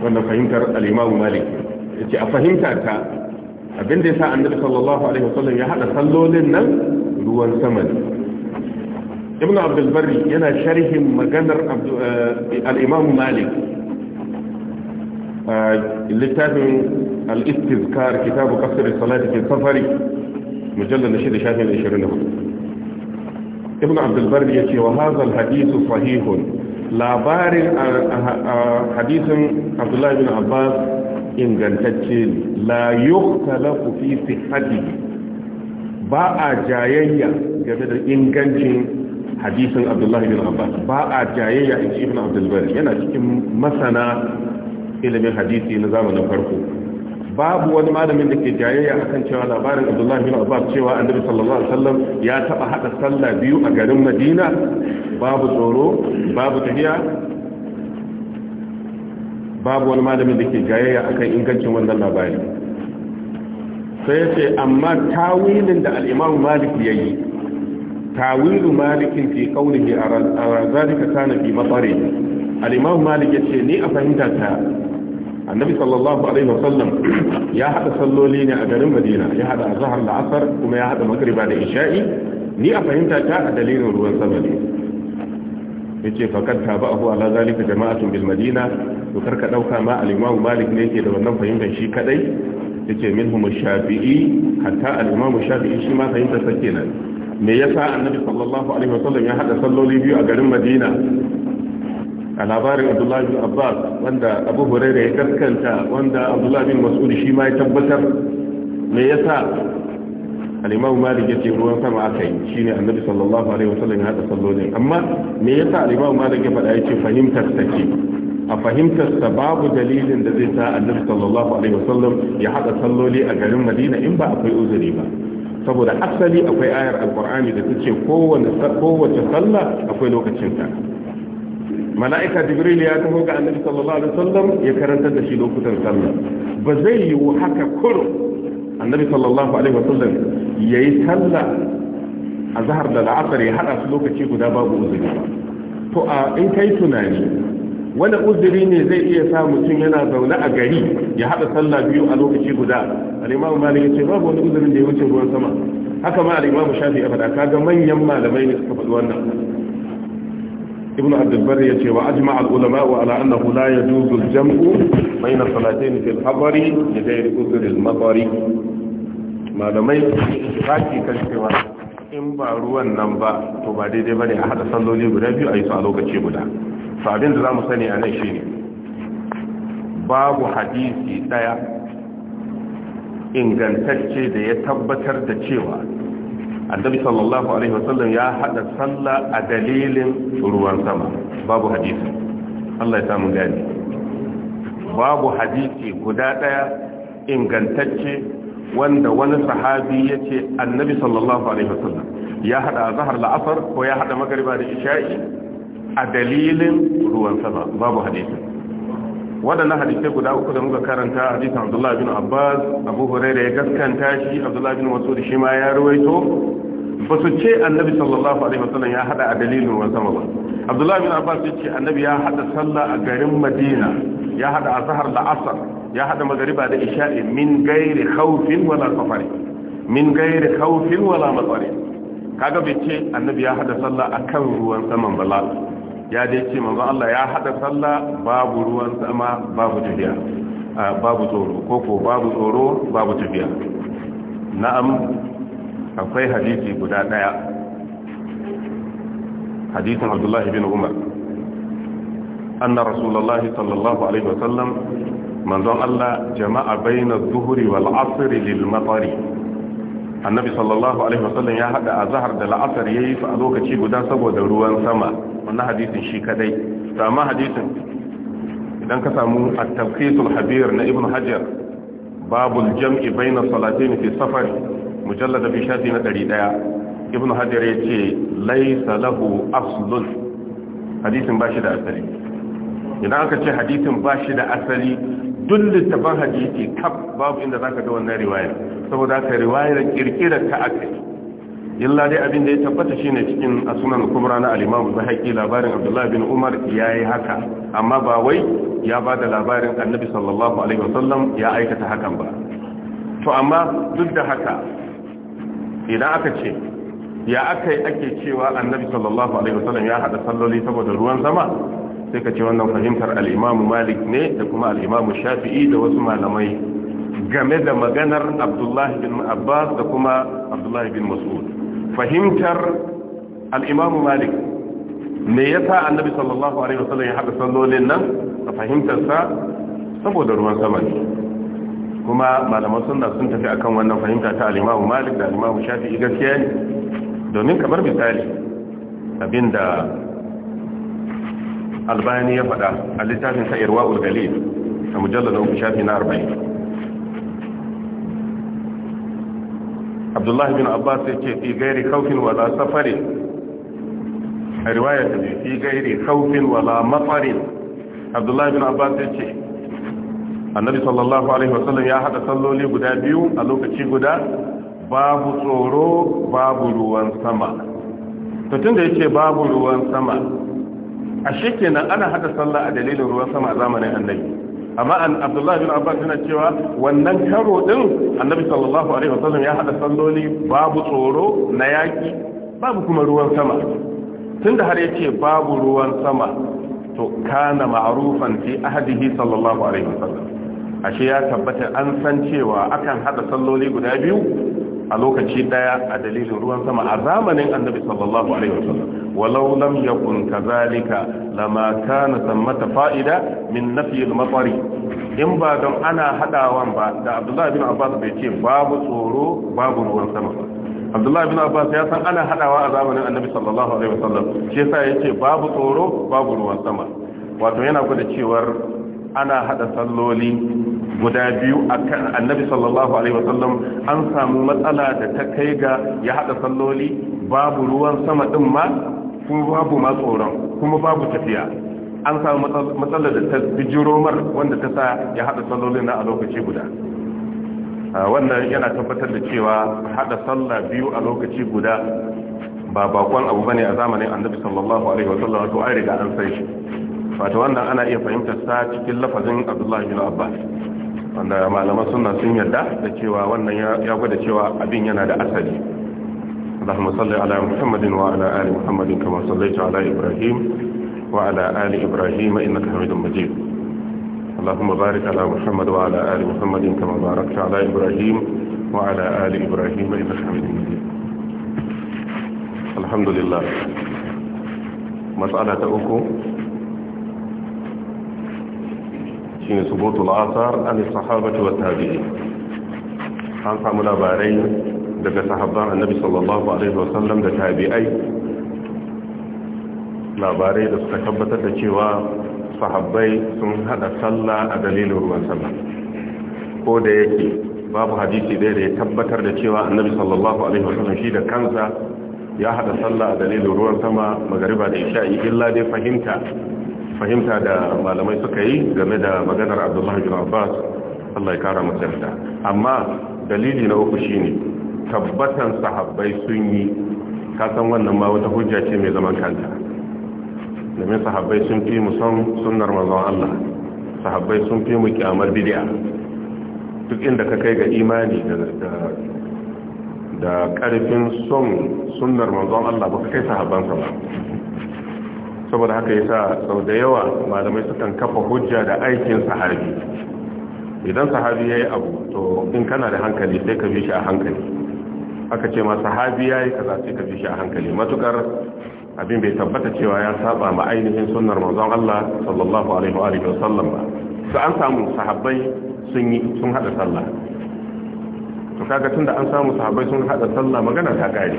S1: wannan fahimtar al'imamu malik ya ce a fahimta ta abinda ya sa annabi sallallahu alaihi wasallam ya hada sallolin nan ruwan sama ne ibn Bari yana sharhin maganar eh, al'imamu malik littafin al-istizkar kitabu kasar salati fi safari mujallal 6 shafin 24 ibn abdul barri yace wa hadha hadisu hadith sahihun labarin hadisin abdullahi bin abbas ingantacce ne la yuktalafu fi sihhatihi ba a jayayya game da ingancin hadisin abdullahi bin abbas ba a jayayya in ibn abdul bari yana cikin masana ilimin hadisi na zamanin farko babu wani malamin da ke jayayya akan cewa labarin abdullahi bin abbas cewa annabi sallallahu alaihi wasallam ya taba hada sallah biyu a garin madina babu tsoro babu tahiya babu wani malamin da ke jayayya akan ingancin wannan labari sai ya ce amma tawilin da al'imamu malik ya yi tawilu malikin fi kaunihi a zalika kana fi matsari al'imamu malik ya ce ni a fahimta ta annabi sallallahu alaihi wasallam ya hada salloli ne a garin madina ya hada azhar da asar kuma ya hada magriba da isha'i ni a fahimta ta a dalilin ruwan sama ne yace fa ta ba abu ala zalika jama'atun bil madina to karka dauka ma al-imam malik ne yake da wannan fahimtar shi kadai yace minhum shafi'i hatta al-imam shafi'i shi ma fahimtar sa kenan me yasa annabi sallallahu alaihi wasallam ya hada salloli biyu a garin madina a labarin abdullahi bin abbas wanda abu huraira ya karkanta wanda abdullahi bin mas'ud shi ma ya tabbatar me yasa al-imam malik ya ce ruwan sama aka yi shine annabi sallallahu alaihi wasallam ya hada sallolin amma me yasa al-imam malik ya faɗa ya fahimtar ta take a fahimtar ta babu dalilin da zai sa annabi sallallahu alaihi wasallam ya hada salloli a garin madina in ba akwai uzuri ba saboda asali akwai ayar alqur'ani da ta ce kowace sallah akwai lokacinta mala'ika jibril ya taho ga annabi sallallahu alaihi wasallam ya karanta da shi lokutan sallah ba zai yi haka kuro annabi sallallahu alaihi wasallam yayi sallah a zahar da la'asar ya hada su lokaci guda babu uzuri to a in kai tunani wani uzuri ne zai iya sa mutum yana zaune a gari ya hada sallah biyu a lokaci guda al-imamu ya ce babu wani uzurin da ya wuce ruwan sama haka ma al shafi shafi'i faɗa kaga manyan malamai ne suka faɗi wannan ibn abdulbar ya ce wa ajma al'ulama wa ala annahu la ya juzu jam'u mai na salatin fil habari da zai rikuzurin matsari malamai shaki kan cewa in ba ruwan nan ba to ba daidai ba ne a haɗa salloli guda biyu a yi su a lokaci guda sabin da za mu sani a nan shi ne babu hadisi ɗaya ingantacce da ya tabbatar da cewa annabi sallallahu alaihi wasallam ya hada sallah a dalilin ruwan sama babu hadisi Allah ya samu gani babu hadisi guda daya ingantacce wanda wani sahabi yace annabi sallallahu alaihi wasallam ya hada zahar la'asar ko ya hada magriba da isha'i a dalilin ruwan sama babu hadisi waɗannan hadisai guda uku da muka karanta hadisin abdullahi bin abbas abu huraira ya gaskanta shi abdullahi bin masud shi ma ya ruwaito ba su ce annabi sallallahu alaihi wasallam ya hada a dalilin ruwan sama ba abdullahi bin abbas ya ce annabi ya hada sallah a garin madina ya hada azhar da asr ya hada magariba da isha'i min gairi khawfin wala safari min gairi khawfin wala matsari kaga bace annabi ya hada sallah akan ruwan saman bala ya dai ce manzon Allah ya hada sallah babu ruwan sama babu tafiya babu tsoro ko ko babu tsoro babu tafiya na'am akwai hadisi guda daya hadisin Abdullah ibn Umar anna rasulullahi sallallahu alaihi wa wasallam manzon Allah jama'a baina adh-dhuhri wal 'asri lil matari annabi sallallahu alaihi wasallam ya hada azhar da la'asar yayi fa a lokaci guda saboda ruwan sama wannan hadisin shi kadai to amma hadisin idan ka samu at-tafsisul habir na ibn hajar babul jam'i bayna salatayn fi safar mujallad bi shafi na 100 ibn hajar yace laysa lahu aslun hadisin bashi da asali idan aka ce hadisin bashi da asali duk ban hadisi kaf babu inda zaka ga wannan riwaya saboda ka riwayar kirkirar ta aka yi illa dai abin da ya tabbata shine cikin asunan kubra na al-imam Bukhari labarin Abdullah bin Umar yayi haka amma ba wai ya bada labarin Annabi sallallahu alaihi wasallam ya aikata hakan ba to amma duk da haka idan aka ce ya akai ake cewa Annabi sallallahu alaihi wasallam ya hada salloli saboda ruwan sama sai ka ce wannan fahimtar al'imamu malik ne da kuma al'imamu shafi'i da wasu malamai game da maganar abdullahi bin abbas da kuma abdullahi bin masud fahimtar al'imamu malik ne ya sa annabi sallallahu alaihi wasallam ya haɗa sallolin nan a fahimtarsa saboda ruwan sama ne kuma malaman sunna sun tafi akan wannan fahimta ta al'imamu malik da al'imamu shafi'i gaskiya ne domin kamar misali abinda albani ya faɗa a littafin sa irwa ulgalil a mujallar uku shafi na arba'in abdullahi bin abbas ya ce fi gairi kaufin wala safarin. a riwaya ta biyu fi gairi kaufin wala mafarin abdullahi bin abbas ya ce annabi sallallahu alaihi wasallam ya haɗa salloli guda biyu a lokaci guda babu tsoro babu ruwan sama to tun da ce babu ruwan sama a kenan ana hada sallah a dalilin ruwan sama a zamanin annabi amma an abdullahi bin abbas yana cewa wannan karo din annabi sallallahu alaihi wasallam ya hada salloli babu tsoro na yaki babu kuma ruwan sama tunda har yace babu ruwan sama to kana ma'rufan fi sallallahu alaihi wasallam ashe ya tabbata an san cewa akan hada salloli guda biyu a lokaci daya a dalilin ruwan sama a zamanin annabi sallallahu alaihi wasallam walau lam yakun kazalika lama kana sammata fa'ida min nafi al-matar in ba don ana hadawan ba da Abdullah bin Abbas bai ce babu tsoro babu ruwan sama ba Abdullah bin Abbas ya san ana hadawa a zamanin Annabi sallallahu alaihi wasallam shi yasa yace babu tsoro babu ruwan sama wato yana gwada cewar ana hada salloli guda biyu akan annabi sallallahu alaihi wasallam an samu matsala da ta kai ga ya hada salloli babu ruwan sama din ma kuma babu ma kuma babu tafiya an samu matsalar da ta mar wanda ta sa ya haɗa sallolin na a lokaci guda wannan yana tabbatar da cewa haɗa sallah biyu a lokaci guda ba bakon abu bane a zamanin annabi sallallahu alaihi wasallam to ai riga an sai shi wato wannan ana iya fahimtar sa cikin lafazin Abdullahi bin Abbas wanda malaman sunna sun yarda da cewa wannan ya gwada cewa abin yana da asali اللهم صل على محمد وعلى آل محمد كما صليت على إبراهيم وعلى آل إبراهيم إنك حميد مجيد اللهم بارك على محمد وعلى آل محمد كما باركت على إبراهيم وعلى آل إبراهيم إنك حميد مجيد الحمد لله مسألة أكو في سبوت asar عن الصحابة والتابعين عن an samu daga sahabban annabi sallallahu alaihi wasallam da tabi'ai labarai da suka tabbatar da cewa sahabbai sun hada sallah a dalilin ruwan sama ko da yake babu hadisi ɗaya da ya tabbatar da cewa annabi sallallahu alaihi wasallam shi da kansa ya hada sallah a dalilin ruwan sama magariba da isha'i illa dai fahimta fahimta da malamai suka yi game da maganar abdullahi bin abbas Allah ya kara amma dalili na uku shine tabbatan sahabbai sun yi kasan wannan ma wata hujja ce mai zaman kanta domin sahabbai sun fi mu son sunnar mazan Allah sahabbai sun fi mu kyamar bidiya duk inda ka kai ga imani da karfin son sunnar mazan Allah ba ka kai sahabbansa ba saboda haka sa sau da yawa malamai sukan kafa hujja da aikin sahabi idan sahabi ya yi abu to in kana da hankali sai ka bi shi a hankali aka ce ma sahabi yayi kaza sai ka bi shi a hankali matukar abin bai tabbata cewa ya saba ma ainihin sunnar manzon Allah sallallahu alaihi wa alihi wasallam ba su an samu sahabbai sun yi sun hada sallah to kaga tunda an samu sahabbai sun hada sallah magana ta kare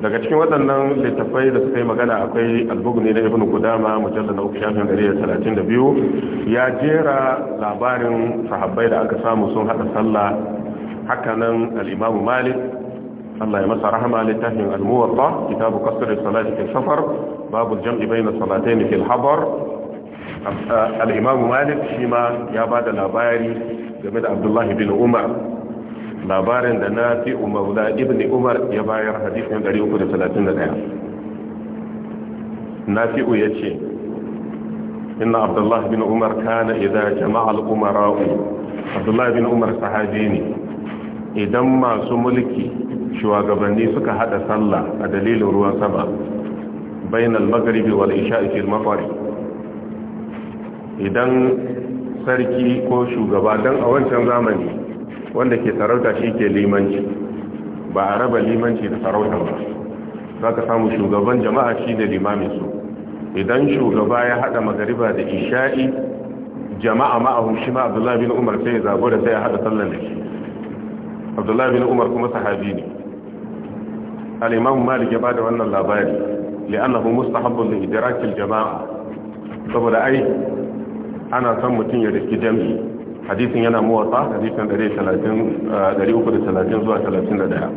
S1: daga cikin waɗannan littafai da suka yi magana akwai albugni na ibn gudama mujallar na uku shafin biyu ya jera labarin sahabbai da aka samu sun haɗa sallah hakanan al-imam malik Allah ya masa rahama littafin al-muwatta kitabu qasr as-salati fi safar babu al-jam'i bayna as-salatayn fi al-hadar al malik shi ma ya da labari game da abdullahi bin umar labarin da na fi umarda ibn umar ya bayar hadisun 331 na fi'u ya ce inna abdullahi bin umar kana idan jama'al umara'u abdullahi bin umar sahabi ne idan masu mulki shugabanni suka hada sallah a dalilin ruwan sama bainal magharibi wal isha'i fil maghrib idan sarki ko shugaba dan a wancan zamani wanda ke sarauta shi ke limanci ba a raba limanci da sarauta ba za ka samu shugaban jama'a shi da su. idan shugaba ya hada magariba da isha'i jama'a ma'ahu shi ma abdullahi bin umar sai ya zago da sai ya hada sallar da shi abdullahi bin umar kuma sahabi ne al malik ya bada wannan labari li'annahu mustahabbun da Idirakil jama'a saboda ai ana son mutum ya riski jami'i hadisin yana muwatsa hadisin 330 eh, zuwa 31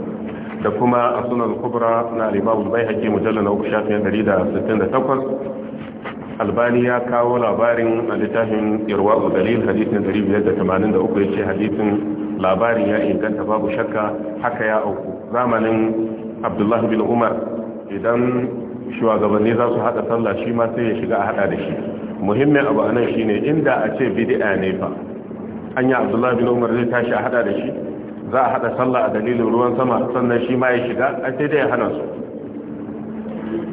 S1: da kuma a sunan kubra na al-imam al-baihaqi mujallal na 368 albani ya kawo labarin a littafin irwa'u dalil hadisin 583 ya ce hadisin labarin ya inganta babu shakka haka ya auku zamanin abdullahi bin umar idan shugabanni za su haɗa sallah shi ma sai ya shiga a haɗa da shi muhimmin abu anan shine inda a ce bid'a ne fa anya abdullahi bin umar zai tashi a haɗa da shi za a haɗa sallah a dalilin ruwan sama sannan shi ma ya shiga a sai dai ya hana su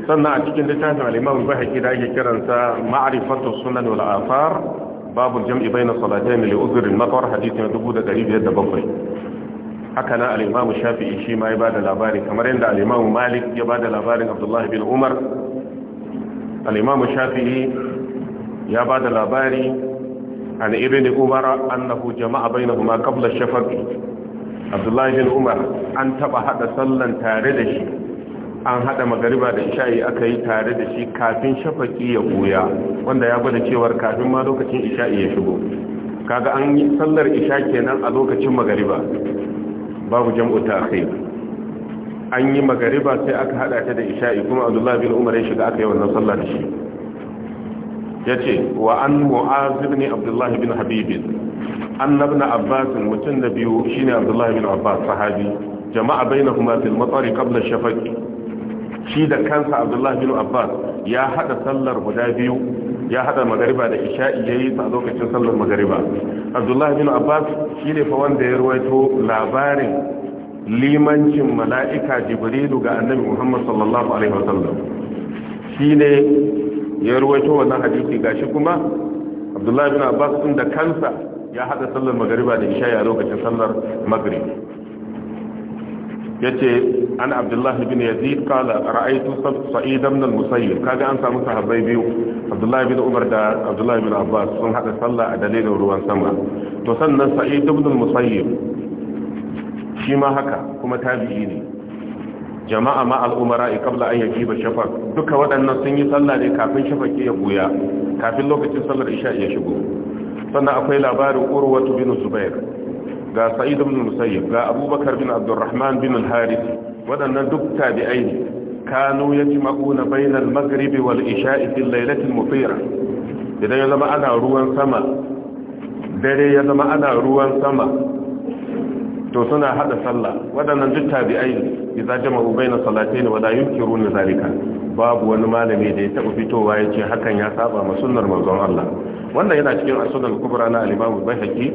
S1: sannan a cikin littafin al-imam bahaki da ake kiransa ma'rifatu sunan wal afar babu jam'i bayna salatayn li uzrin matar hadisi na 1507 haka na al-imam shafi'i shi ma ya bada labari kamar yadda al malik ya bada labarin abdullahi bin umar al shafi'i ya bada labari an ibn umar annahu jama'a bainahuma kabla shafaqi abdullahi bin umar an taɓa hada sallan tare da shi an hada magariba da isha'i aka yi tare da shi kafin shafaki ya goya wanda ya gwada cewar kafin ma lokacin isha'i ya shigo kaga an yi sallar isha'i kenan a lokacin magariba babu jam'u ta'khir an yi magariba sai aka hada ta da isha'i kuma Abdullahi bin Umar ya shiga aka yi wannan sallar da shi Ya ce, wa an Mu'az ibn Abdullah bin Habib annabna Abbasin mutum da biyu shine Abdullahi bin Abbas sahabi jama'a bainahuma fil matsari qabla shafaqi shi da kansa abdullahi bin abbas ya hada sallar guda biyu ya hada magariba da isha'i yayi a lokacin sallar magariba abdullahi bin abbas shi ne fa wanda ya ruwaito labarin limancin mala'ika jibrilu ga annabi muhammad sallallahu alaihi wasallam shi ne ya ruwaito wannan hadisi gashi kuma abdullahi bin abbas din da kansa ya hada sallar magariba da isha'i a lokacin sallar magariba. Ya yace an abdullah ibn yazid qala ra'aytu sa'id ibn al-musayyib kaga an samu sahabbai biyu Abdullahi bin umar da Abdullahi bin abbas sun hada sallah a dalilin ruwan sama to sannan sa'id ibn al-musayyib shi ma haka kuma tabi'i ne jama'a ma al a qabla an yajiba shafaq duka waɗannan sun yi sallah ne kafin shafaqi ya buya kafin lokacin sallar isha ya shigo sannan akwai labarin urwatu bin zubair ga sa'id ibn musayyib ga abubakar bin abdurrahman bin al-harith waɗannan duk tabi'ai ne kanu yajma'una bainal maghribi wal isha'i fil lailatil mutira idan ya zama ana ruwan sama dare ya zama ana ruwan sama to suna hada sallah waɗannan duk tabi'ai idza jama'u baina salatayn wa la yunkiruna zalika babu wani malami da ya taba fitowa yace hakan ya saba ma sunnar manzon Allah wannan yana cikin as-sunan kubra na al-imam al-baihaqi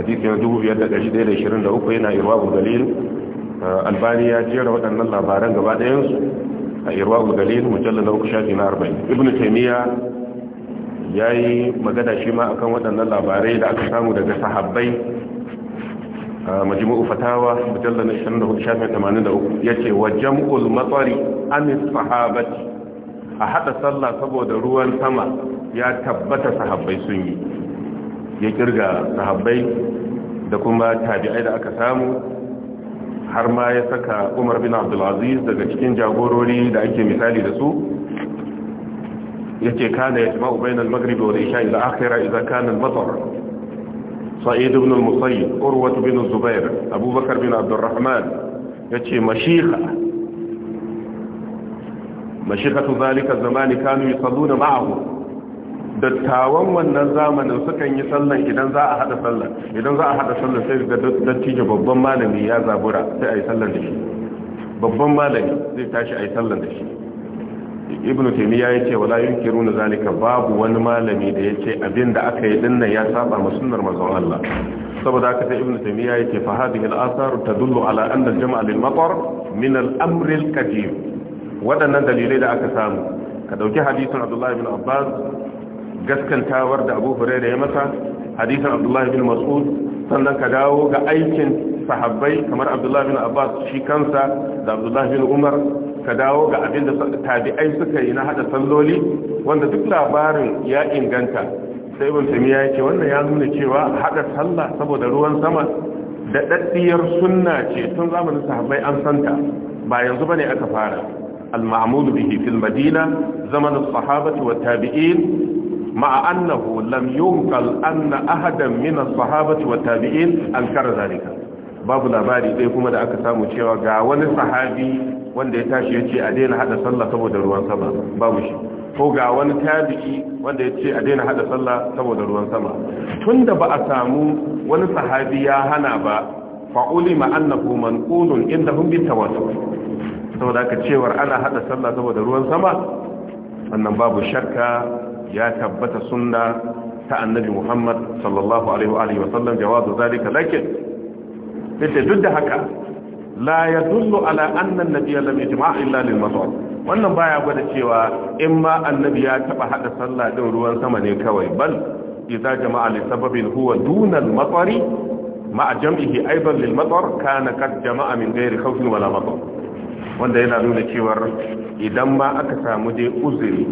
S1: hadisi na 2123 yana irwaul dalil uh, albani ya jera waɗannan labaran gaba ɗayan su a irwaul dalil mujallal 340 ibnu taymiya yayi magana shi ma akan waɗannan labarai da aka samu daga sahabbai majmu'u fatawa mujallal 24 yace wa jam'ul matari an sahabati a hada sallah saboda ruwan sama ya tabbata sahabbai sun yi ya kirga sahabbai da kuma tabi'ai da aka samu har ma ya saka Umar bin Abdul Aziz daga cikin jagorori da ake misali da su yace kana yajma'u bainal maghribi wal isha ila akhirah idza kana al-matar sa'id ibn al-musayyib urwat bin zubair abubakar bin abdurrahman yace mashikha mashikhatu zalika zamani kanu yusalluna ma'ahu dattawan wannan zamanin sukan yi sallan idan za a hada sallan idan za a hada sallan sai ga dattijo babban malami ya zabura sai ayi sallan da shi babban malami zai tashi ayi sallan da shi ibnu taymiya yace wala yunkiruna zalika babu wani malami da yace abinda aka yi dinnan ya saba ma sunnar manzon Allah saboda haka sai ibnu taymiya yace fa hadhihi al-athar tadullu ala anna al-jam'a lil-matar min al-amr al-qadim wadannan dalilai da aka samu ka dauki hadisin Abdullah ibn Abbas gaskantawar da Abu Hurairah ya masa hadisin Abdullah ibn Mas'ud sannan ka dawo ga aikin sahabbai kamar Abdullah ibn Abbas shi kansa da Abdullah ibn Umar ka dawo ga abin da tabi'ai suka yi na hada salloli wanda duk labarin ya inganta sai ibn tamiya yake wannan ya nuna cewa hada sallah saboda ruwan sama da daddiyar sunna ce tun zamanin sahabbai an santa ba yanzu bane aka fara al-ma'mul bihi fil madina zamanin sahabati wa tabi'in مع أنه لم ينقل أن أحدا من الصحابة والتابعين أنكر ذلك Babu labari dai kuma da aka samu cewa ga wani sahabi wanda ya tashi ya ce a daina hada sallah saboda ruwan sama babu shi ko ga wani tabi'i wanda ya ce a daina hada sallah saboda ruwan sama tunda ba a samu wani sahabi ya hana ba fa'ulima annahu manqulun indahum bitawatur saboda haka cewar ana hada sallah saboda ruwan sama wannan babu shakka ya tabbata sunna ta annabi Muhammad sallallahu alaihi wa alihi wa sallam jawazu zalika lakin duk da haka la yadullu ala anna an-nabiyya lam yajma' illa lil matar wannan baya gwada cewa in ma annabi ya taba hada sallah din ruwan sama ne kawai bal idza jama'a li sababin huwa duna al-matar ma'a jam'ihi aidan lil matar kana qad jama'a min ghairi khawfin wala matar wanda yana nuna cewa idan ma aka samu dai uzuri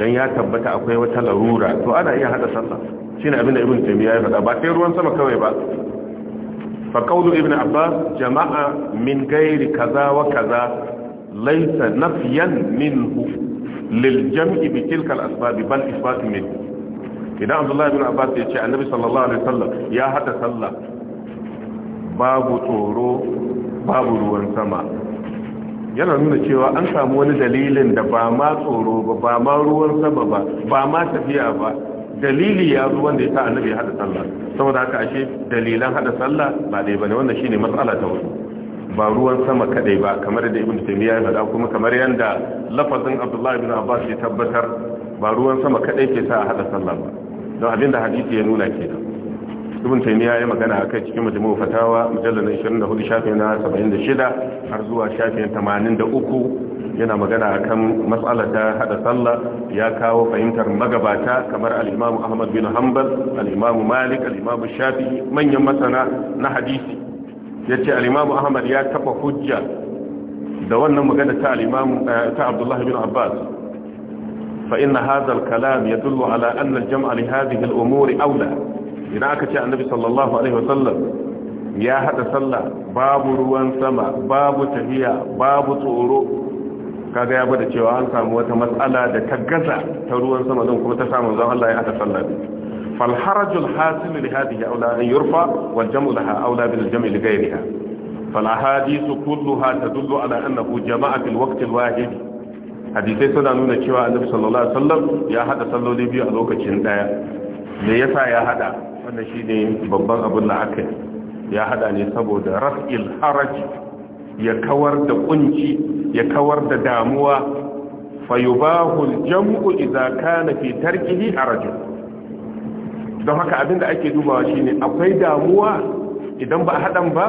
S1: idan ya tabbata akwai wata larura to ana iya hada sallah shine abin da ibn taymiya ya faɗa ba sai ruwan sama kawai ba fa qawlu ibn abbas jama'a min gairi kaza wa kaza laysa nafyan minhu lil jam'i bi tilka al asbab bal isbat idan abdullahi ibn abbas ya ce annabi sallallahu alaihi wasallam ya hada sallah babu tsoro babu ruwan sama yana nuna cewa an samu wani dalilin da ba ma tsoro ba ba ma ruwan sama ba ba ma tafiya ba dalili ya zo wanda ya sa annabi ya hada sallah saboda haka ashe dalilan hada sallah ba dai bane wannan shine matsala ta wasu ba ruwan sama kadai ba kamar da ibnu taymiya ya faɗa kuma kamar yanda lafazin abdullahi ibn abbas ya tabbatar ba ruwan sama kadai ke sa a hada sallah ba don abinda hadisi ya nuna kenan ibn taymiya ya magana akai cikin majmu'u fatawa mujallal 24 shafi na 76 har zuwa shafi 83 yana magana akan mas'alar ta hada sallah ya kawo fahimtar magabata kamar al-imam ahmad bin hanbal al-imam malik al-imam shafi manyan masana na hadisi yace al-imam ahmad ya kafa hujja da wannan magana ta al-imam eh, ta abdullah bin abbas fa inna hadha al-kalam yadullu ala anna al-jam'a li hadhihi al-umuri awla idan aka ce annabi sallallahu alaihi wasallam ya hada sallah babu ruwan sama babu tafiya babu tsoro kaga ya bada cewa an samu wata matsala da ta gaza ta ruwan sama don kuma ta samu zan Allah ya hada sallah fal harajul hasil li hadhihi aula an yurfa wal jam'u laha aula bil jam'i li ghayriha fal ahadith kulluha tadullu ala annahu jama'a fil waqt al wahid hadisai suna nuna cewa annabi sallallahu alaihi wasallam ya hada salloli biyu a lokacin daya me yasa ya hada wanda shi ne babban abin da aka ya hada ne saboda raf'il haraj ya kawar da kunci ya kawar da damuwa fayubahu aljam'u idza kana fi tarkihi haraj don haka abin da ake dubawa shi ne akwai damuwa idan ba hadan ba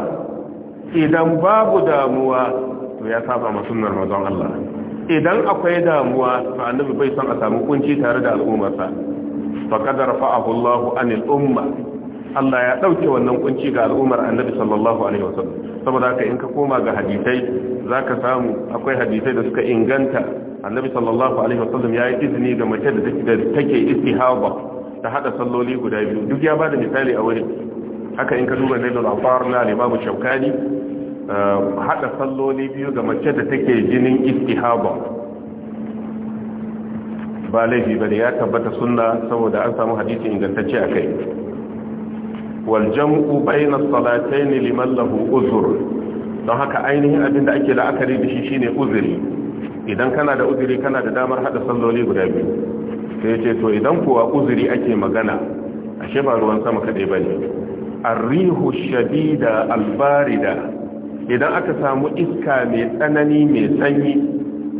S1: idan babu damuwa to ya saba ma sunnar manzon Allah idan akwai damuwa to annabi bai son a samu kunci tare da al'ummarsa Faƙadar rafa'ahu Allahu anil umma Allah ya ɗauke wannan kunci ga al'ummar Annabi sallallahu alaihi wasallam saboda haka in ka koma ga hadisai ka samu akwai hadisai da suka inganta Annabi sallallahu alaihi wasallam ya yi izini ga mace da take istihaba ta haɗa salloli guda biyu duk ya ba da misali a wuri haka in ka duba Nailul Afar na Imam Shawkani eh, Haɗa salloli biyu ga mace da take jinin istihaba ba laifi bane ya tabbata sunna saboda an samu hadisi ingantacce a kai. waljamu bayna as-salatayn liman lahu uzur don haka ainihin abin da ake la'akari da shi shine uzuri idan kana da uzuri kana da damar hada salloli guda biyu sai ce to idan kuwa uzuri ake magana ashe ba ruwan sama kadai bane arrihu shadida albarida idan aka samu iska mai tsanani mai sanyi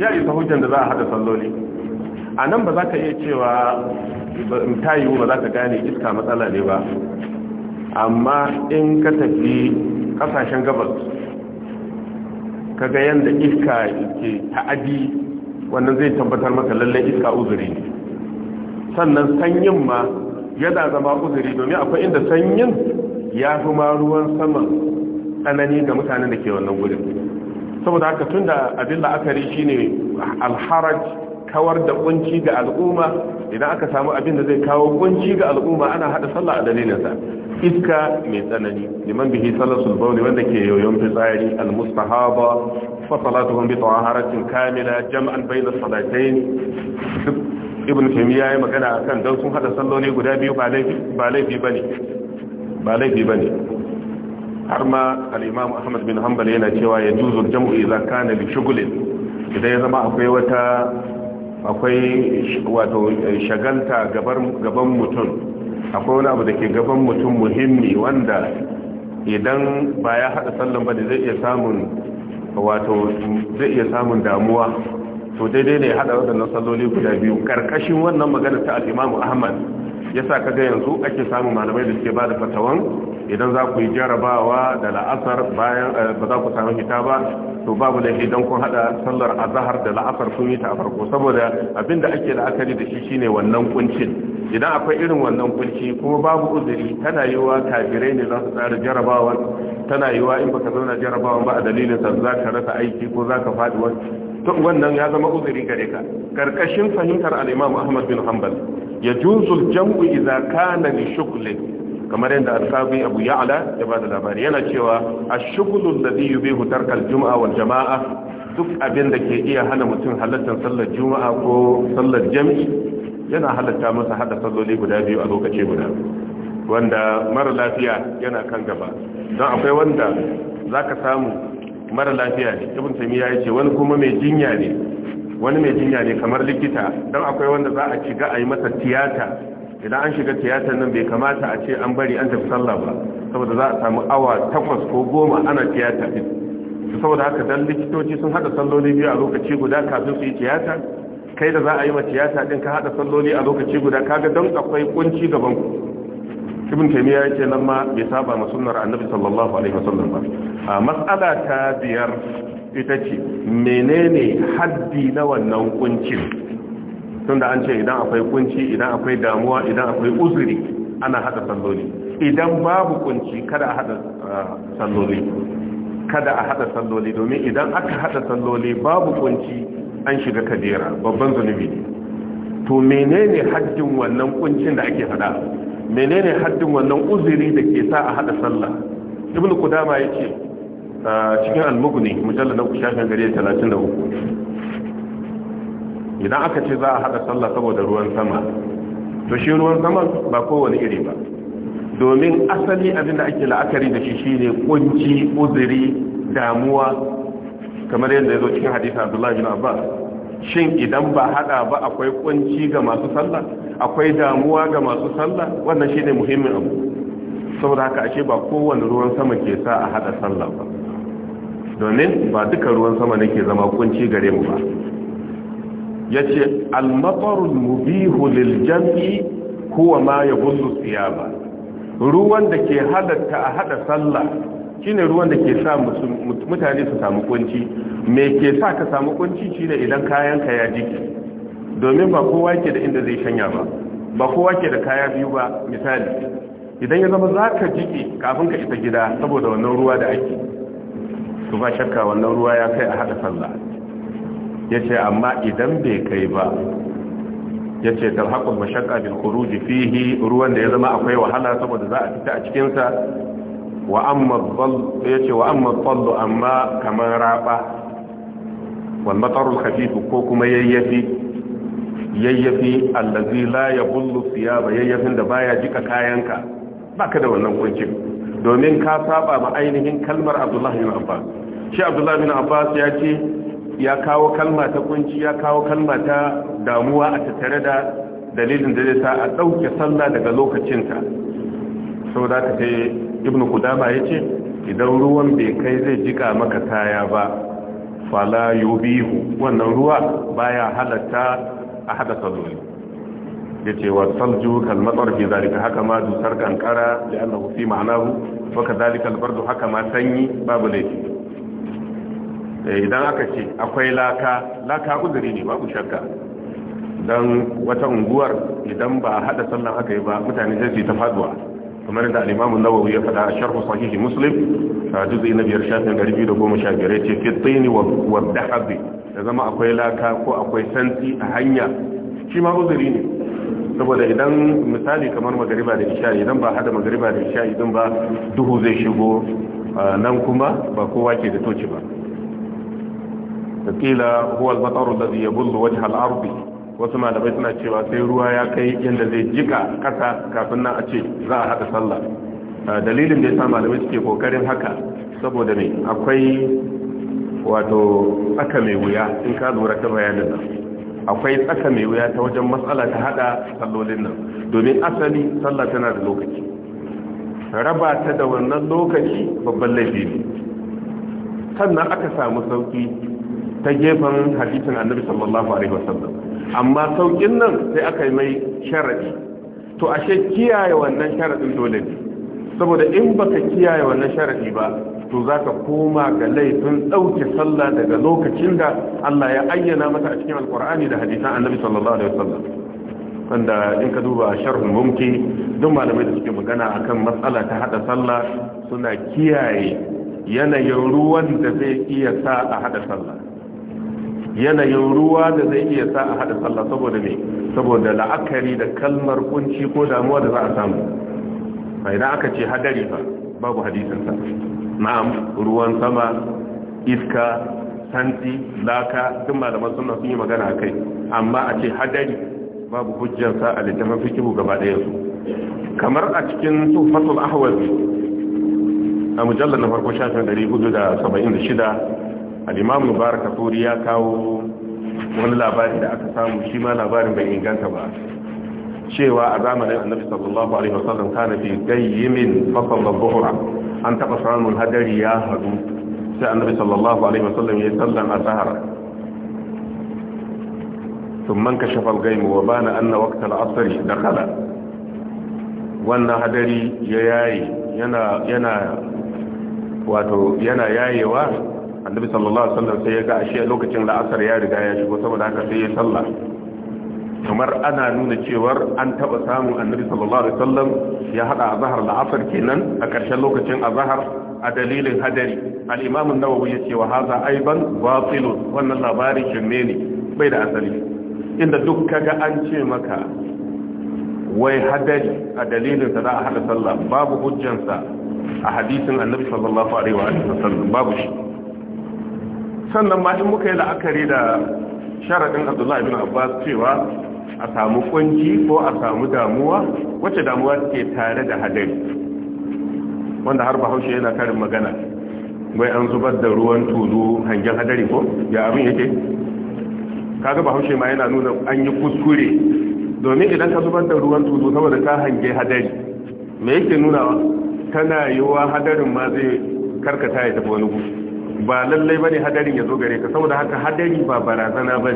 S1: ya isa hujjan da za a hada salloli a nan ba za ka iya cewa ta yiwu ba za ka gane iska matsala ne ba amma in ka tafi kasashen gabas kaga yadda iska ke ta'adi wannan zai tabbatar maka lallai iska uzuri sannan sanyin ma yana zama uzuri domin akwai inda sanyin ya fi ma ruwan saman tsanani ga mutanen da ke wannan gudun saboda haka tun da abin la'akari shine alharaj kawar da kunci ga al'umma idan aka samu abin da zai kawo kunci ga al'umma ana hada sallah a dalilinsa iska mai tsanani liman bihi salasul bawli wanda ke yoyon fitsari mustahaba fa salatuhum bi taharatin kamila jam'an bayna salatayn ibn taymiya yayi magana akan dan sun hada salloni guda biyu ba laifi ba laifi bane ba laifi bane har ma al-imam ahmad bin hanbal yana cewa ya al-jam'u idza kana idan ya zama akwai wata akwai wato eh, shagalta gaban mutum akwai wani abu da ke gaban mutum muhimmi wanda idan ba ya haɗa sallan ba da zai iya samun wato zai iya samun damuwa to daidai ne haɗa waɗannan salloli guda biyu ƙarƙashin wannan magana ta al'imamu ahmad ya sa kaga yanzu ake samun malamai da suke ba da fatawan idan za ku yi jarabawa da la'asar bayan eh, ba za ku samu hita ba to babu da idan kun hada sallar azhar da la'asar kun yi ta a farko saboda abinda ake la'akari da shi shine wannan kuncin idan akwai irin wannan kunci kuma babu uzuri tana yiwa kafirai ne za su tsara jarabawa tana yiwa in baka zauna jarabawa ba a dalilin sa za ka rasa aiki ko za ka faɗi wani wannan ya zama uzuri gare ka karkashin fahimtar al-Imam Ahmad bin Hanbal yajuzu al-jam'u idza kana li shughlin kamar yadda al-sabi abu ya'la ya bada labari yana cewa a shughlu alladhi yubihu tarka al-jum'a wal jama'a duk abin da ke iya hana mutum halartar sallar juma'a ko sallar jami'i yana halatta masa hada salloli guda biyu a lokaci guda wanda mara lafiya yana kan gaba don akwai wanda za ka samu mara lafiya ne ibn taymiya ce wani kuma mai jinya ne wani mai jinya ne kamar likita don akwai wanda za a shiga a yi masa tiyata idan an shiga tiyatar nan bai kamata a ce an bari an tafi sallah ba saboda za a samu awa takwas ko goma ana tiyata din saboda haka dan likitoci sun hada salloli biyu a lokaci guda kafin su yi tiyata kai da za a yi ma tiyata din ka hada salloli a lokaci guda kaga don akwai kunci gaban ku ibn taymiya yake nan ma bai saba ma sunnar annabi sallallahu alaihi wasallam ba a mas'ala ta biyar ita ce menene haddi na wannan kuncin tunda an ce idan akwai kunci idan akwai damuwa idan akwai uzuri ana hada salloli idan babu kunci kada a hada ah, salloli kada a hada salloli domin idan aka hada salloli babu kunci an shiga kadera babban zunubi to menene haddin wannan kuncin da ake hada menene haddin wannan uzuri da ke sa a hada sallah ibn kudama yace ah, cikin al-mughni mujallad na shafin gari 33 idan aka ce za a haɗa sallah saboda ruwan sama to shi ruwan sama ba kowane iri ba domin asali abin da ake la'akari da shi shine kunci uzuri damuwa kamar yadda ya zo cikin hadisi abdullahi bin abbas shin idan ba haɗa ba akwai kunci ga masu sallah akwai damuwa ga masu sallah wannan shine muhimmin abu saboda haka ashe ba kowane ruwan sama ke sa a hada sallah ba domin ba duka ruwan sama nake zama kunci gare mu ba yace al-matarul mubihu lil jam'i huwa ma yabullu siyaba ruwan da ke halatta a hada sallah shine ruwan da ke sa mutane su samu kunci me ke sa ka samu kunci shine idan kayanka ya jiki? domin ba kowa ke da inda zai shanya ba ba kowa ke da kaya biyu ba misali idan ya zama za ka jike kafin ka isa gida saboda wannan ruwa da ake su ba shakka wannan ruwa ya kai a haɗa sallah yace amma idan bai kai ba yace talhaqul mashaqqa bil khuruj fihi ruwan da ya zama akwai wahala saboda za a fita a cikin sa ce amma dhall wa amma amma kamar raba wal matar ko kuma yayyafi yayyafi allazi la yabullu ba yayyafin da baya jika kayanka ka da wannan kunci domin ka saba ma ainihin kalmar Abdullahi na Abbas shi Abdullahi na Abbas ya ce ya kawo kalma ta kunci ya kawo kalma ta damuwa a tattare da dalilin da zai sa a ɗauke sallah daga lokacinta sau da ta sai ibn kudama ya ce idan ruwan bai kai zai jika maka kaya ba fala yubihu wannan ruwa baya halatta a hada saloli ya ce wa salju kalmatsar fi zalika haka ma dusar kankara da annahu fi ma'anahu waka zalika albardu haka ma sanyi babu laifi Eh, idan aka ce akwai laka laka uzuri ne babu shakka don wata unguwar idan ba hada sallan aka yi ba mutane zai ta faduwa kamar da al-Imam nawawi ya faɗa a Sharh Sahih Muslim juz'i na biyar shafin da goma sha biyar yace fi tsini wa dahabi da zama akwai laka ko akwai santi a hanya shi ma uzuri ne saboda idan misali kamar magariba da isha idan ba hada magariba da isha idan ba duhu zai shigo nan kuma ba kowa ke da toci ba fakila huwa al-matar alladhi yabullu wajha al wasu malamai suna cewa sai ruwa ya kai inda zai jika kasa kafin nan a ce za a haɗa sallah dalilin da sa malamai suke kokarin haka saboda ne akwai wato tsaka mai wuya in ka lura ta bayanin nan akwai tsaka mai wuya ta wajen matsala ta haɗa sallolin nan domin asali sallah tana da lokaci raba ta da wannan lokaci babban laifi ne sannan aka samu sauki ta gefen hadisin annabi sallallahu alaihi wasallam amma saukin nan sai aka yi mai sharadi to ashe kiyaye wannan sharadin dole ne saboda in baka kiyaye wannan sharadi ba to zaka koma ga laifin ɗauke sallah daga lokacin da Allah ya ayyana maka a cikin alqur'ani da hadisan annabi sallallahu alaihi wasallam wanda in ka duba sharhul mumki duk malamai da suke magana akan matsala ta hada sallah suna kiyaye yanayin ruwan da zai iya sa a hada sallah yanayin ruwa da zai iya sa a hada sallah saboda me saboda la'akari da kalmar kunci ko damuwa da za a samu da aka ce hadari fa babu hadisin sa na'am ruwan sama iska santi laka duk malaman sunna sun yi magana akai amma a ce hadari babu hujjar sa a littafin fikihu gaba ɗaya su kamar a cikin tuhfatul ahwazi a mujallar na farko shafin 476 alimamu mubarak kafuri ya kawo wani labari da aka samu shi ma labarin bai inganta ba cewa a zamanin annabi sallallahu alaihi wasallam kana fi gayyimin fasal dhuhra an taba samun hadari ya hadu sai annabi sallallahu alaihi wasallam ya sallan azhar ثم انكشف الغيم وبان أن وقت العصر دخل wannan hadari ya yayi yana yana wato yana yayewa annabi sallallahu alaihi wasallam sai ya ga ashe lokacin la'asar ya riga ya shigo saboda haka sai ya salla kamar ana nuna cewar an taba samun annabi sallallahu alaihi wasallam ya hada azhar la'asar kenan a ƙarshen lokacin azhar a dalilin hadari al-imam an-nawawi ya ce wa hadha aiban batil wannan labari shirme ne bai da asali inda duk kaga an ce maka wai hadari a dalilin sa za a hada sallah babu hujjansa a hadisin annabi sallallahu alaihi wasallam babu shi sannan ma in muka yi la'akari da sharaɗin abdullahi bin abbas cewa a samu kunci ko a samu damuwa wacce damuwa ke tare da hadari wanda har bahaushe yana karin magana wai an zubar da ruwan tulu hangen hadari ko ya abin yake kaga bahaushe ma yana nuna an yi kuskure domin idan ka zubar da ruwan tulu saboda ka hange hadari me yake nunawa tana yiwuwa hadarin ma zai karkata ya tafi wani gudu ba lallai bane hadarin ya zo gare ka saboda haka hadari ba barazana ba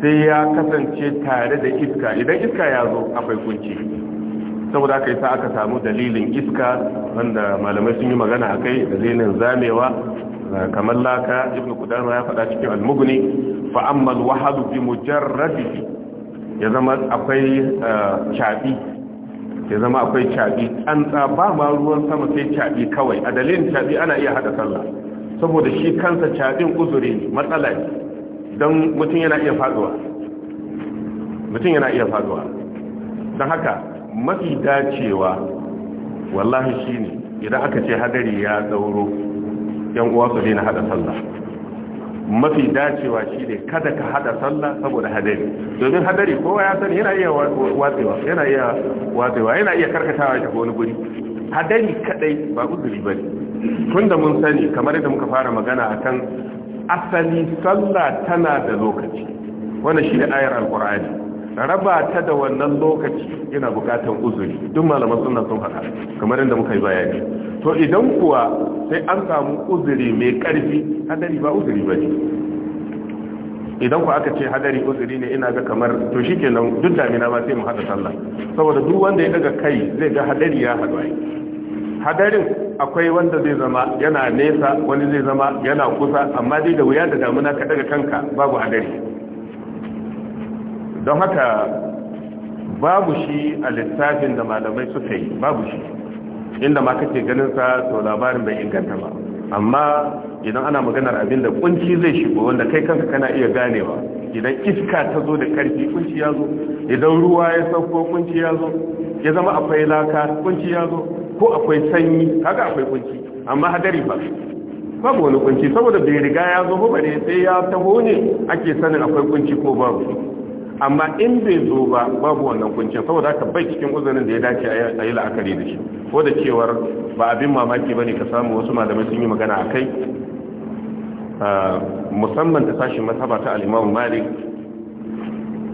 S1: sai ya kasance tare da iska idan iska ya zo akwai kunci saboda haka yasa aka samu dalilin iska wanda malamai sun yi magana akai dalilin zamewa kamar laka ibnu kudama ya faɗa cikin al-mughni fa amma al bi mujarradihi ya zama akwai eh, chabi ya zama akwai chabi an ba ma ruwan sama sai chabi kawai a dalilin chabi ana iya hada sallah saboda shi kansa caɗin uzuri ne matsala ne don mutum yana iya faduwa mutum yana iya faduwa don haka mafi dacewa wallahi shi ne idan aka ce hadari ya tsauro yan uwa su dina hada sallah mafi dacewa shi ne kada ka haɗa sallah saboda hadari domin hadari kowa ya sani yana iya watsewa yana iya watsewa yana iya karkatawa wani guri hadari kadai ba uzuri bane tunda mun sani kamar yadda muka fara magana akan asali sallah tana da lokaci wannan shi da ayar alqur'ani raba ta da wannan lokaci yana bukatan uzuri duk malaman sunna sun faɗa kamar yadda muka yi bayani to idan kuwa sai an samu uzuri mai karfi hadari ba uzuri bane idan ku aka ce hadari uzuri ne ina ga kamar to shikenan duk damina ba sai mu hada sallah saboda duk wanda ya daga kai zai ga hadari ya hadu ai hadarin akwai wanda zai zama yana nesa wani zai zama yana kusa amma dai da wuya da damuna ka daga kanka babu hadari don haka babu shi a littafin da malamai suka yi babu shi inda ma kake ganin sa to labarin bai inganta ba amma idan ana maganar abin da kunci zai shigo wanda kai kanka kana iya ganewa idan iska ta zo da karfi kunci ya zo idan ruwa ya sauko kunci ya zo ya zama akwai laka kunci ya zo ko akwai sanyi kaga akwai kunci amma hadari ba babu wani kunci saboda bai riga ya zo ba ne sai ya taho ne ake sanin akwai kunci ko babu amma in bai zo ba babu wannan kuncin saboda haka bai cikin uzurin da ya dace a yi la'akari da shi ko da cewar ba abin mamaki ba ne ka samu wasu malamai sun yi magana a kai ah, musamman ta sashin mazhaba ta alimamu malik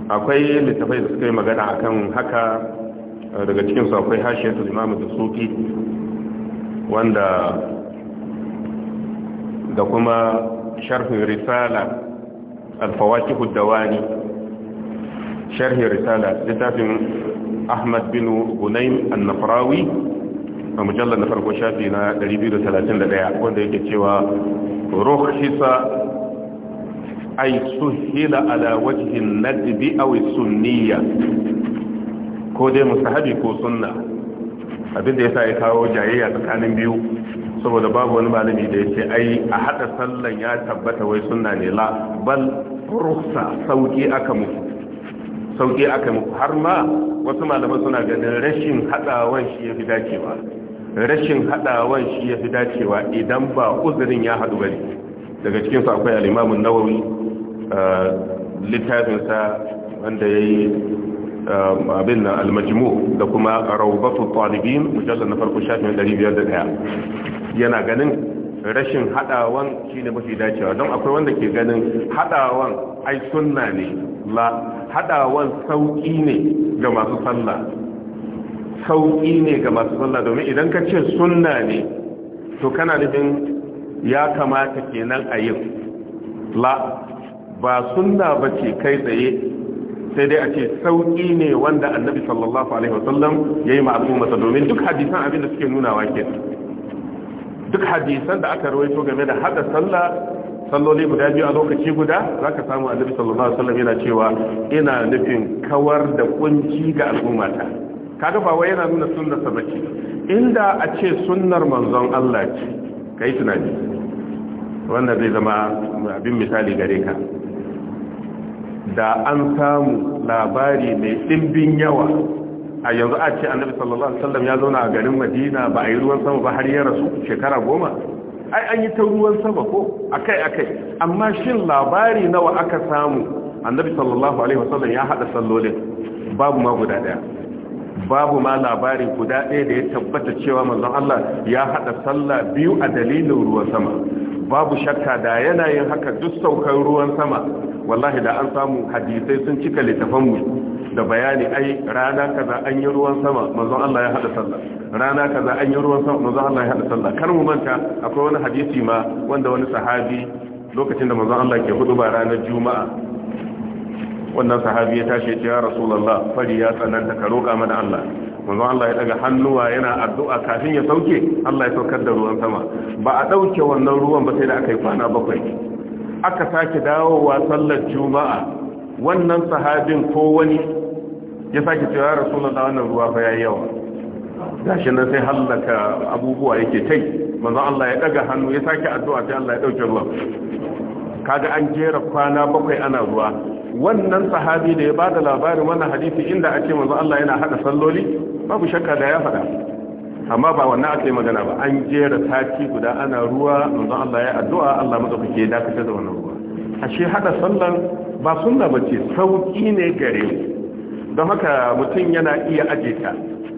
S1: akwai littafai da suka yi magana a kan haka ah, daga cikinsu akwai hashiyar imamu da sufi wanda da kuma sharhin risala alfawaki hudawani sharhi risala littafin ahmad bin gunaim annafrawi a mujallar na farko shafi na 231 wanda yake cewa rukhisa ay suhila ala wajhi nadbi aw sunniya ko dai mustahabi ko sunna abinda yasa ya kawo jayayya tsakanin biyu saboda babu wani malami da ya ce ai a haɗa sallan ya tabbata wai sunna ne la bal rukhsa sauki aka muku sauki aka muku har ma wasu malaman suna ganin rashin haɗawan shi ya fi dacewa rashin haɗawan shi ya fi dacewa idan ba uzurin ya haɗu bane daga cikinsu akwai alimamin nawawi littafin sa wanda yi abin na almajimu da kuma rawbatu talibin mujallar na farko shafin 501 yana ganin rashin haɗawan shi ne mafi dacewa don akwai wanda ke ganin haɗawan ai sunna ne la hadawan sauki ne ga masu sallah sauki ne ga masu sallah domin idan ka ce sunna ne to kana nufin ya kamata kenan a yin la ba sunna ba ce kai tsaye sai dai a ce sauki ne wanda annabi sallallahu alaihi wasallam ya yi ma'azumata domin duk hadisan abin da suke nunawa kenan duk hadisan da aka rawaito game da hada sallah salloli guda biyu a lokaci guda za ka samu annabi sallallahu alaihi wasallam yana cewa ina nufin kawar da kunci ga al'ummata kaga ba wai yana nuna sunnar sabaki inda a ce sunnar manzon Allah ce kai tunani wannan zai zama abin misali gare ka da an samu labari mai dimbin yawa a yanzu a ce annabi sallallahu alaihi wasallam ya zauna a garin Madina ba a yi ruwan sama ba har ya rasu shekara goma ai an yi ta ruwan sama ko akai-akai amma shin labari nawa aka samu annabi sallallahu alaihi wasallam ya hada sallolin babu ma guda daya babu ma labari guda daya da ya tabbata cewa manzon Allah ya hada sallah biyu a dalilin ruwan sama babu shakka da yanayin haka duk saukar ruwan sama wallahi da an samu hadisai sun cika littafan mu da bayani ai rana kaza an yi ruwan sama manzon Allah ya hada sallah rana kaza an yi ruwan sama manzon Allah ya hada sallah kar mu manta akwai wani hadisi ma wanda wani sahabi lokacin da manzon Allah ke hudu ba ranar juma'a wannan sahabi ya tashi ya rasulullah fari ya tsananta ka roka mana Allah manzon Allah ya daga hannuwa yana addu'a kafin ya sauke Allah ya saukar da ruwan sama ba a dauke wannan ruwan ba sai da aka yi kwana bakwai aka sake dawowa sallar juma'a wannan sahabin ko wani ya sake cewa ya rasulullah wannan ruwa fa yayi yawa gashi nan sai hallaka abubuwa yake tai manzo Allah ya daga hannu ya sake addu'a sai Allah ya dauke ruwa kaga an jera kwana bakwai ana ruwa wannan sahabi da ya bada labarin wannan hadisi inda ake manzo Allah yana hada salloli babu shakka da ya faɗa amma ba wannan aka yi magana ba an jera sati guda ana ruwa manzo Allah ya addu'a Allah madaukake ya dakatar da wannan ruwa ashe hada sallan ba sunna bace sauki ne gare mu don haka mutum yana iya aje ta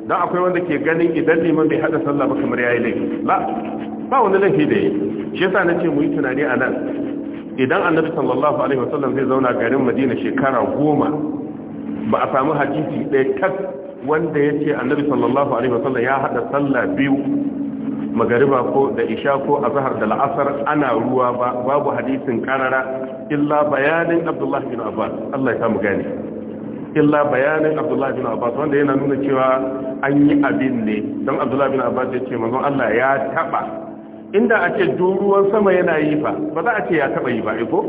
S1: don akwai wanda ke ganin idan liman bai hada sallah ba kamar yayi laifi ba ba wani laifi da yi shi yasa ce mu yi tunani a nan idan annabi sallallahu alaihi wasallam zai zauna garin madina shekara goma ba a samu hadisi ɗaya tak wanda ya ce annabi sallallahu alaihi wasallam ya hada sallah biyu magariba ko da isha ko azhar da la'asar ana ruwa ba babu hadisin karara illa bayanin abdullahi bin abbas Allah ya samu gani illa bayanin abdullahi bin abbas wanda yana nuna cewa an yi abin ne don abdullahi bin abbas ya ce manzon allah ya taba inda a ce ruwan sama yana yi fa ba za a ce ya taba yi ba iko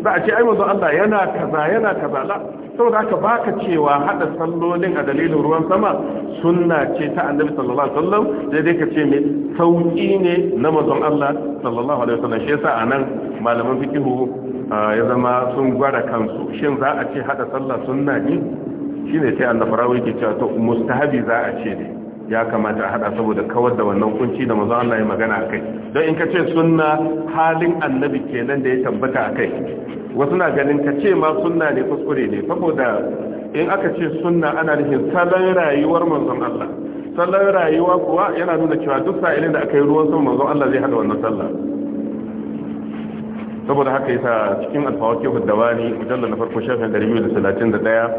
S1: eh za a ce ai manzon allah yana kaza yana kaza la saboda aka baka cewa hada sallolin a dalilin ruwan sama sunna ce ta annabi sallallahu alaihi wasallam sai dai ka ce me sauki ne na manzon allah sallallahu alaihi wasallam shi yasa anan malaman fikihu ya zama sun gwada kansu shin za a ce hada sallah sunna ne shi ne sai annabarawa yake cewa to mustahabi za a ce ne ya kamata a hada saboda kawar da wannan kunci da manzo Allah ya magana akai don in ka ce sunna halin annabi kenan da ya tabbata akai wasu na ganin ka ce ma sunna ne kuskure ne saboda in aka ce sunna ana nufin salon rayuwar manzon Allah salon rayuwa kuwa yana nuna cewa duk sa'ilin da aka yi ruwan sama manzon Allah zai hada wannan sallah saboda haka yasa cikin alfawakihud dawani mujallar na farko shafin 231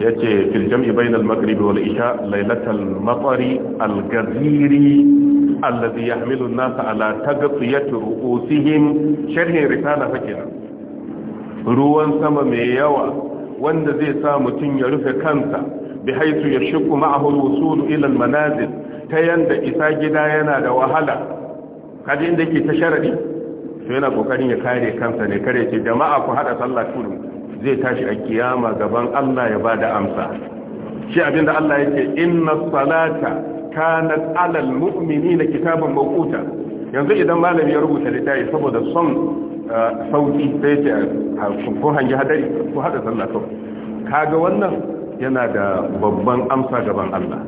S1: yace fil jam'i bayna al maghrib wal isha laylatal matari al gaziri alladhi yahmilu an nas ala tagfiyati ru'usihim sharhi risala fakina ruwan sama mai yawa wanda zai sa mutun ya rufe kansa bi haythu yashqu ma'ahu al wusul ila al manazil ta yanda isa gida yana da wahala kaje inda yake ta sharadi to yana kokarin ya kare kansa ne kare ce jama'a ku hada sallah kudu zai tashi a kiyama gaban Allah ya bada amsa shi abinda Allah yake inna salata kanat alal mu'minina kitaban mawquta yanzu idan malami ya rubuta littafi saboda son uh, sauki sai ce ko hangi hadari ko hada sallah kawai kaga wannan yana da babban amsa gaban Allah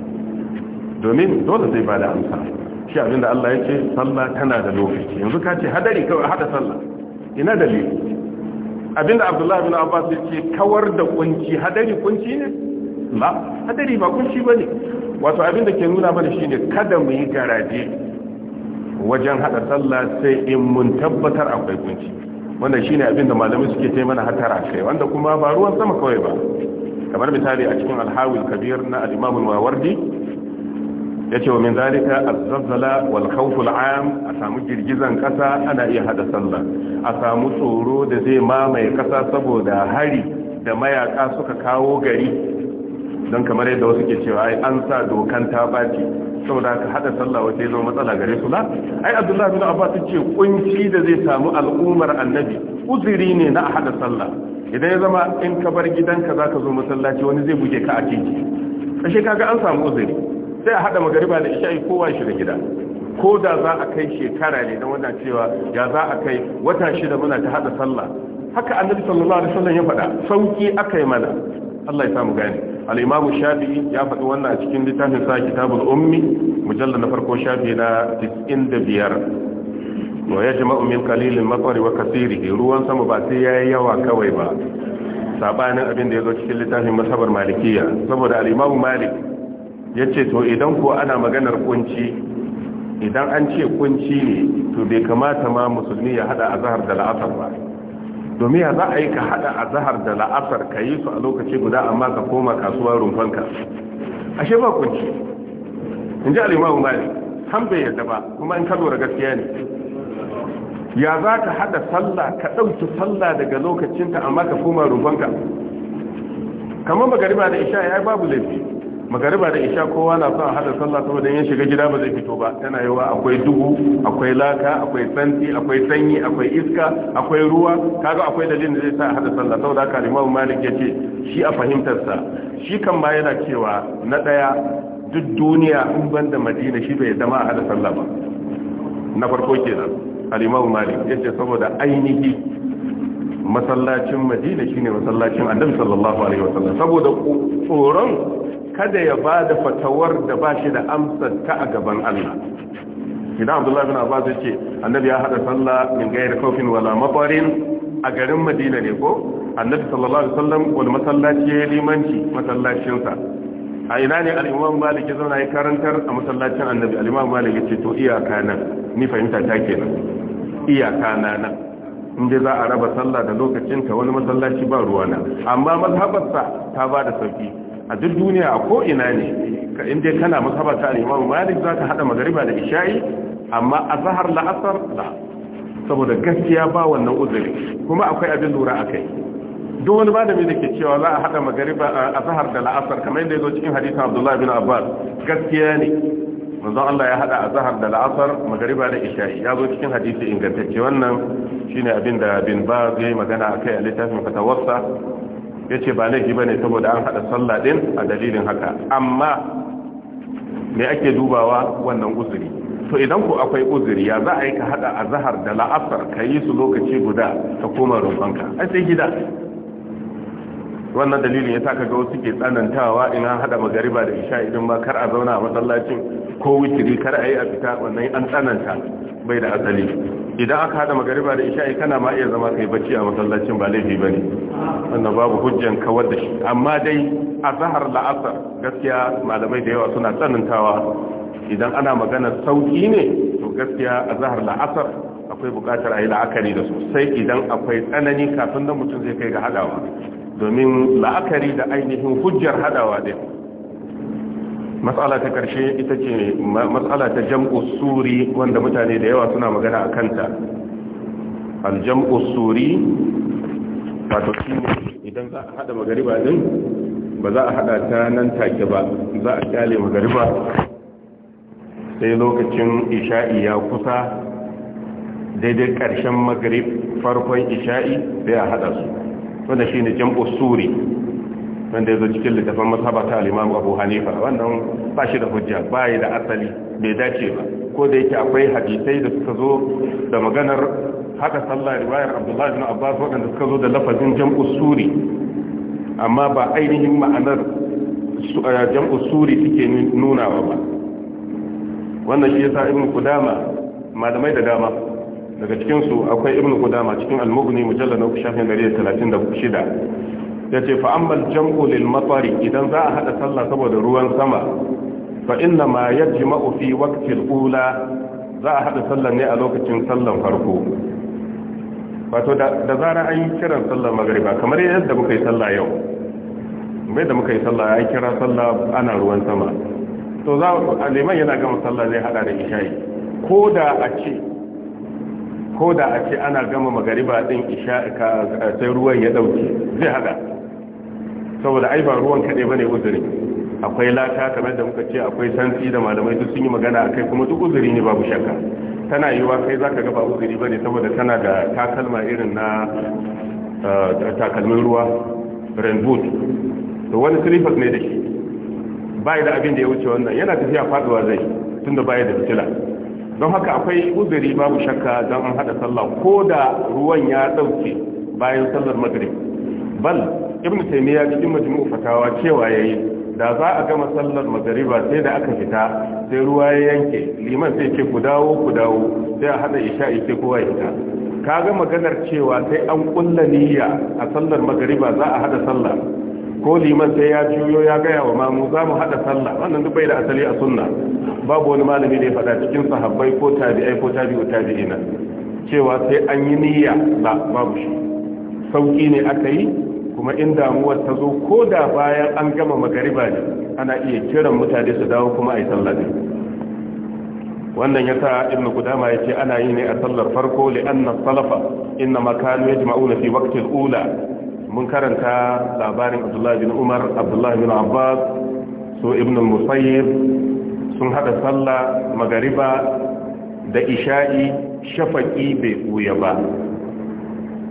S1: domin dole zai bada amsa shi abinda Allah ya ce sallah tana da lokaci yanzu ka ce hadari kawai hada sallah ina dalili abinda Abdullah bin Abbas ya ce kawar da kunci hadari kunci ne la hadari ba kunci bane wato abinda ke nuna mana shine kada mu yi garaje wajen hada sallah sai in mun tabbatar akwai kunci wanda shine abinda malamai suke tayi mana hatara kai wanda kuma ba ruwan sama kawai ba kamar misali a cikin alhawul kabir na al-imam al-mawardi yace wa min zalika az-zalzala wal a samu girgizan kasa ana iya hada sallah a samu tsoro da zai mamaye kasa saboda hari da mayaka suka kawo gari don kamar yadda wasu ke cewa ai an sa dokan ta baci saboda ka hada sallah wace zo matsala gare su la ai abdullahi bin abbas ce kunci da zai samu al'ummar annabi uzuri ne na hada sallah idan ya zama in ka bar gidanka zaka zo masallaci wani zai buge ka a titi kashe kaga an samu uzuri sai a hada magariba da isha'i kowa da gida ko da za a kai shekara ne don wannan cewa ya za a kai wata shida muna ta hada sallah haka annabi sallallahu alaihi wasallam ya faɗa sauki yi mana Allah ya samu gane al-imamu shafi'i ya faɗi wannan a cikin littafin sa kitabul ummi mujallal na farko shafi na 95 wa yajma'u min qalilin maqari wa kasiri ruwan sama ba sai yayi yawa kawai ba sabanin abin da yazo cikin littafin masabar malikiya saboda al-imamu malik ya ce to idan ko ana maganar kunci idan an ce kunci ne to bai kamata ma musulmi ya hada a zahar da la'asar ba domin ya za a yi ka hada a zahar da la'asar ka yi su a lokaci guda amma ka koma kasuwa rumfanka ashe ba kunci in ji alimawu mali han bai yadda ba kuma in kalwar gaskiya ne ya za ka hada sallah ka ɗauki sallah daga lokacinta amma ka koma rumfanka kamar magariba da isha ya babu laifi magariba da isha kowa na son hada sallah saboda yin shiga gida ba zai fito ba yana yawa akwai dubu akwai laka akwai santi akwai sanyi akwai iska akwai ruwa kaga akwai dalilin da zai sa hada sallah saboda haka Imam Malik ya ce shi a fahimtar sa shi kan ma yana cewa na daya duk duniya in banda Madina shi bai zama a hada sallah ba na farko kenan al-Imam Malik ce saboda ainihi masallacin Madina shine masallacin Annabi sallallahu alaihi wasallam saboda tsoron kada ya ba da fatawar da ba shi da amsar ta a gaban Allah idan abdullahi bin abbas ya ce annabi ya hada sallah min gairi kofin wala mafarin a garin madina ne ko annabi sallallahu alaihi wasallam wani masallaci ya yi limanci masallacinsa a ina ne al malik ya zauna ya karantar a masallacin annabi al malik ya ce to iyaka nan ni fahimta ta ke nan, iyaka na nan inda za a raba sallah da lokacin wani masallaci ba ruwana amma mazhabarsa ta ba da sauki a duk duniya a ko'ina ne inda kana a al'imamu malik za ka haɗa magariba da isha'i amma a zahar la'asar la saboda gaskiya ba wannan uzuri kuma akwai abin lura a kai duk wani mai da ke cewa za a haɗa magariba a zahar da la'asar kamar yadda ya zo cikin hadisin abdullahi bin abbas gaskiya ne manzon Allah ya haɗa a zahar da la'asar magariba da isha'i ya zo cikin hadisi ingantacce wannan shine abin da bin ba zai magana a kai a littafin fatawarsa ya ce ba laifi ba ne saboda an haɗa sallah ɗin a dalilin haka amma me ake dubawa wannan uzuri to idan ku akwai uzuri ya za a yi ka haɗa a zahar da la'asar ka yi su lokaci guda ta koma rumfanka ai sai gida wannan dalilin ya sa ga wasu ke tsanantawa ina hada magariba da isha idan ma kar a zauna a masallacin ko witiri kar a yi a fita wannan an tsananta bai da asali idan aka hada magariba da isha eh, kana ma iya zama kai bacci a masallacin ba laifi bane wannan babu hujjan kawar da shi amma dai a zahar la'asar gaskiya malamai da yawa suna tsanantawa idan ana magana sauki ne to gaskiya a zahar la'asar akwai bukatar a yi la'akari da sosai idan akwai tsanani kafin da mutum zai kai ga hadawa domin la'akari da ainihin hujjar hadawa din matsala ta karshe ita ce matsala ta jam'u suri wanda mutane da yawa suna magana a kanta Al-Jam'u suri wato shi idan za a hada magariba din ba za a hada ta nan take ba za a kyale magariba sai lokacin isha'i ya kusa daidai ƙarshen magarib farkon isha'i sai a hada su wanda shi ne jam'o suri wanda ya zo cikin littafin masaba ta alimamu abu hanifa wannan ba shi da hujja ba yi da asali mai dace ba ko da yake akwai hadisai da suka zo da maganar haka sallah riwayar abdullahi na abbas waɗanda suka zo da lafazin jam'o suri amma ba ainihin ma'anar eh, jam'o suri suke nunawa ba wannan shi ya yasa ibn kudama malamai da dama daga cikinsu akwai ibn gudama cikin al-mughni mujallad na shafin 136 yace fa ammal jam'u lil matari idan za a haɗa sallah saboda ruwan sama fa inna ma yajma'u fi waqti al-ula za a haɗa sallah ne a lokacin sallan farko wato da zara an yi kiran sallar magariba kamar yadda muka yi sallah yau bai da muka yi sallah ya kira sallah ana ruwan sama to za a liman yana gama sallah zai haɗa da ishayi ko da a ce ko da a ce ana gama magariba din isha sai ruwan ya dauke zai hada saboda ai ba ruwan kade bane uzuri akwai lata kamar da muka ce akwai santsi da malamai duk sun yi magana akai kuma duk uzuri ne babu shakka tana yiwa kai zaka ga ba uzuri bane saboda tana da takalma irin na eh, takalmin ruwa renbut to wani silifas ne da shi bai da abin da ya wuce wannan yana tafiya faduwa zai tunda bai da fitila don haka akwai uzuri babu shakka don an hada sallah ko da ruwan ya dauke bayan sallar maghrib bal ibn taymiya cikin majmu'u fatawa cewa yayi da za a gama sallar magariba sai da aka fita sai ruwa ya yanke liman sai ce ku dawo ku dawo sai a hada isha sai kowa ya fita kaga maganar cewa sai an ƙulla niyya a sallar magariba za a hada sallah ko liman sai ya juyo ya gaya wa mamu za mu haɗa sallah wannan duk bai da asali a sunna babu wani malami da ya faɗa cikin sahabbai ko tabi'ai ko tabi'u tabi'ina cewa sai an yi niyya ba babu shi sauki ne aka yi kuma in damuwar ta zo ko da bayan an gama magariba ne ana iya kiran mutane su dawo kuma a yi sallah ne wannan yasa ibnu qudama ce ana yi ne a sallar farko li anna salafa inna ma yajma'una fi waqti al-ula mun karanta labarin abdullahi bin umar abdullahi bin abbas su ibn musayyib sun haɗa sallah magariba da isha'i shafaki bai ɓuya ba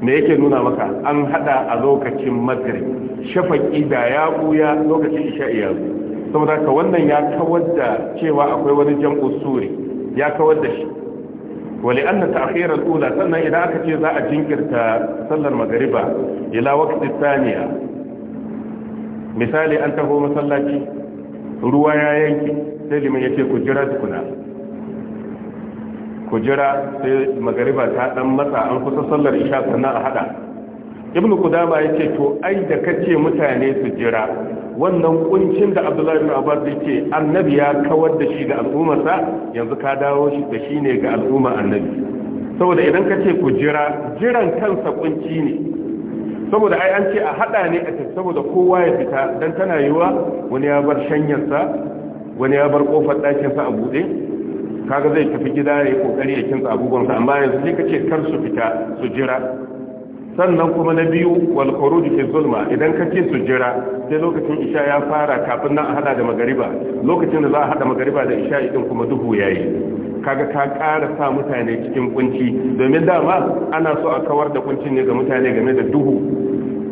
S1: me yake nuna maka an haɗa a lokacin magrib shafaƙi da ya ɓuya lokacin isha'i ya zo saboda ka wannan ya kawar da cewa akwai wani jam'u suri ya kawar da shi wali anna ta'khir al-ula sannan idan aka ce za a jinkirta sallar magariba ila waqti thaniya misali an taho masallaci ruwa ya yanki sai liman yace ku jira tukuna ku jira sai magariba ta dan masa an kusa sallar isha sannan a hada ibnu kudama ya ce to ai da kace mutane su jira wannan kuncin da abdullahi ibn abbas yake annabi ya kawar da shi ga sa yanzu ka dawo shi da shi ne ga al'umma annabi saboda idan kace ku jira jiran kansa kunci ne saboda ai an ce a hada ne a tafi saboda kowa ya fita dan tana yiwa wani ya bar sa wani ya bar kofar ɗakinsa a bude kaga zai tafi gida ne kokari ya kinsa sa amma yanzu sai kace kar su fita su jira sannan kuma na biyu wal khuruj fi zulma idan ka ce su jira sai lokacin isha ya fara kafin nan a hada da magariba lokacin da za a hada magariba da isha idan kuma duhu yayi kaga ka kara sa mutane cikin kunci domin dama ana so a kawar da kunci ne ga mutane game da duhu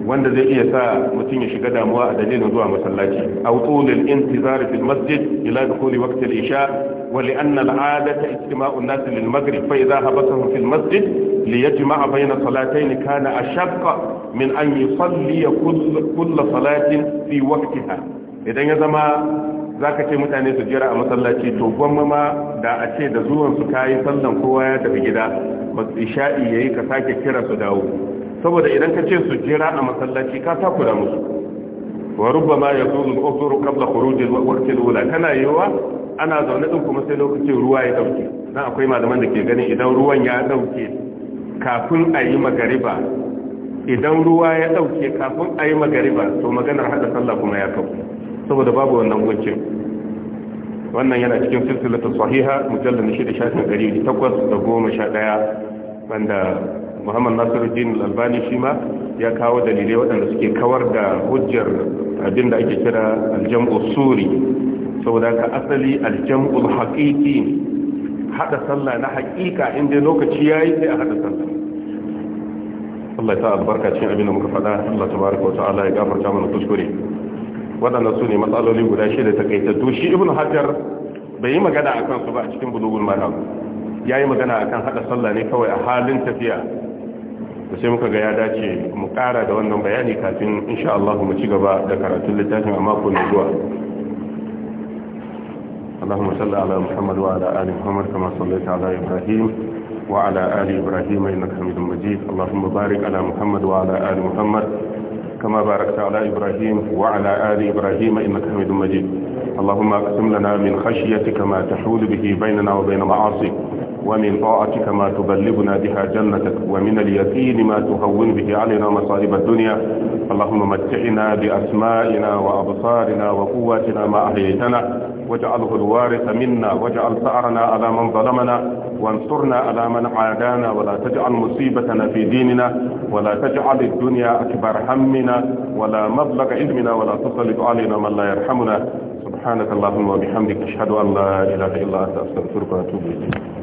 S1: wanda zai iya sa mutum ya shiga damuwa a dalilin zuwa masallaci aw tulil intizar fil masjid ila dukhuli waqti waktar isha ولأن العادة اجتماع الناس للمغرب فإذا حبسهم في المسجد ليجمع بين صلاتين كان أشق من أن يصلي كل, كل صلاة في وقتها إذا يزمى zaka ce mutane su jira a masallaci to gwamma da a ce da zuwan su kayi sallan kowa ya tafi gida ba su isha'i yayi ka sake kira su dawo saboda idan ka ce su jira a masallaci ka musu wa rubbama yazulu al-usru qabla khuruj al-waqt al-ula kana ana zaune din kuma sai lokacin ruwa ya dauke dan akwai malaman da ke gani idan ruwan ya dauke kafin ayi magariba idan ruwa ya dauke kafin ayi magariba to maganar hada sallah kuma ya kau saboda babu wannan guncin wannan yana cikin silsilatu sahiha mujallal 6 shafin da 811 wanda muhammad nasiruddin al-albani shi ma ya kawo dalilai waɗanda suke kawar da hujjar abin da ake kira aljam'ul suri saboda ka asali aljam'ul haqiqi haɗa sallah na haqiqa inda lokaci yi sai a haɗa sallah Allah ya albarka cikin abin da muka faɗa Allah tabaraka wa ta'ala ya gafarta mana kuskure Waɗanda su ne matsaloli guda shida takaitattu shi ibnu hajar bai yi magana akan su ba a cikin bulugul maram ya yi magana a kan haɗa sallah ne kawai a halin tafiya da sai muka ga ya dace mu kara da wannan bayani kafin insha Allah mu ci gaba da karatun littafin a mako na zuwa Allahumma salli ala Muhammad wa ala ali Muhammad kama sallaita ala Ibrahim wa ala ali Ibrahim innaka Hamidum Majid Allahumma barik ala Muhammad wa ala ali Muhammad كما باركت على إبراهيم وعلى آل إبراهيم إنك حميد مجيد اللهم أقسم لنا من خشيتك ما تحول به بيننا وبين معاصيك ومن طاعتك ما تبلغنا بها جنتك ومن اليقين ما تهون به علينا مصائب الدنيا اللهم متعنا بأسمائنا وأبصارنا وقواتنا ما أحييتنا واجعله الوارث منا واجعل ثأرنا على من ظلمنا وانصرنا على من عادانا ولا تجعل مصيبتنا في ديننا ولا تجعل الدنيا أكبر همنا ولا مبلغ علمنا ولا تسلط علينا من لا يرحمنا سبحانك اللهم وبحمدك أشهد أن لا إله إلا أنت أستغفرك وأتوب إليك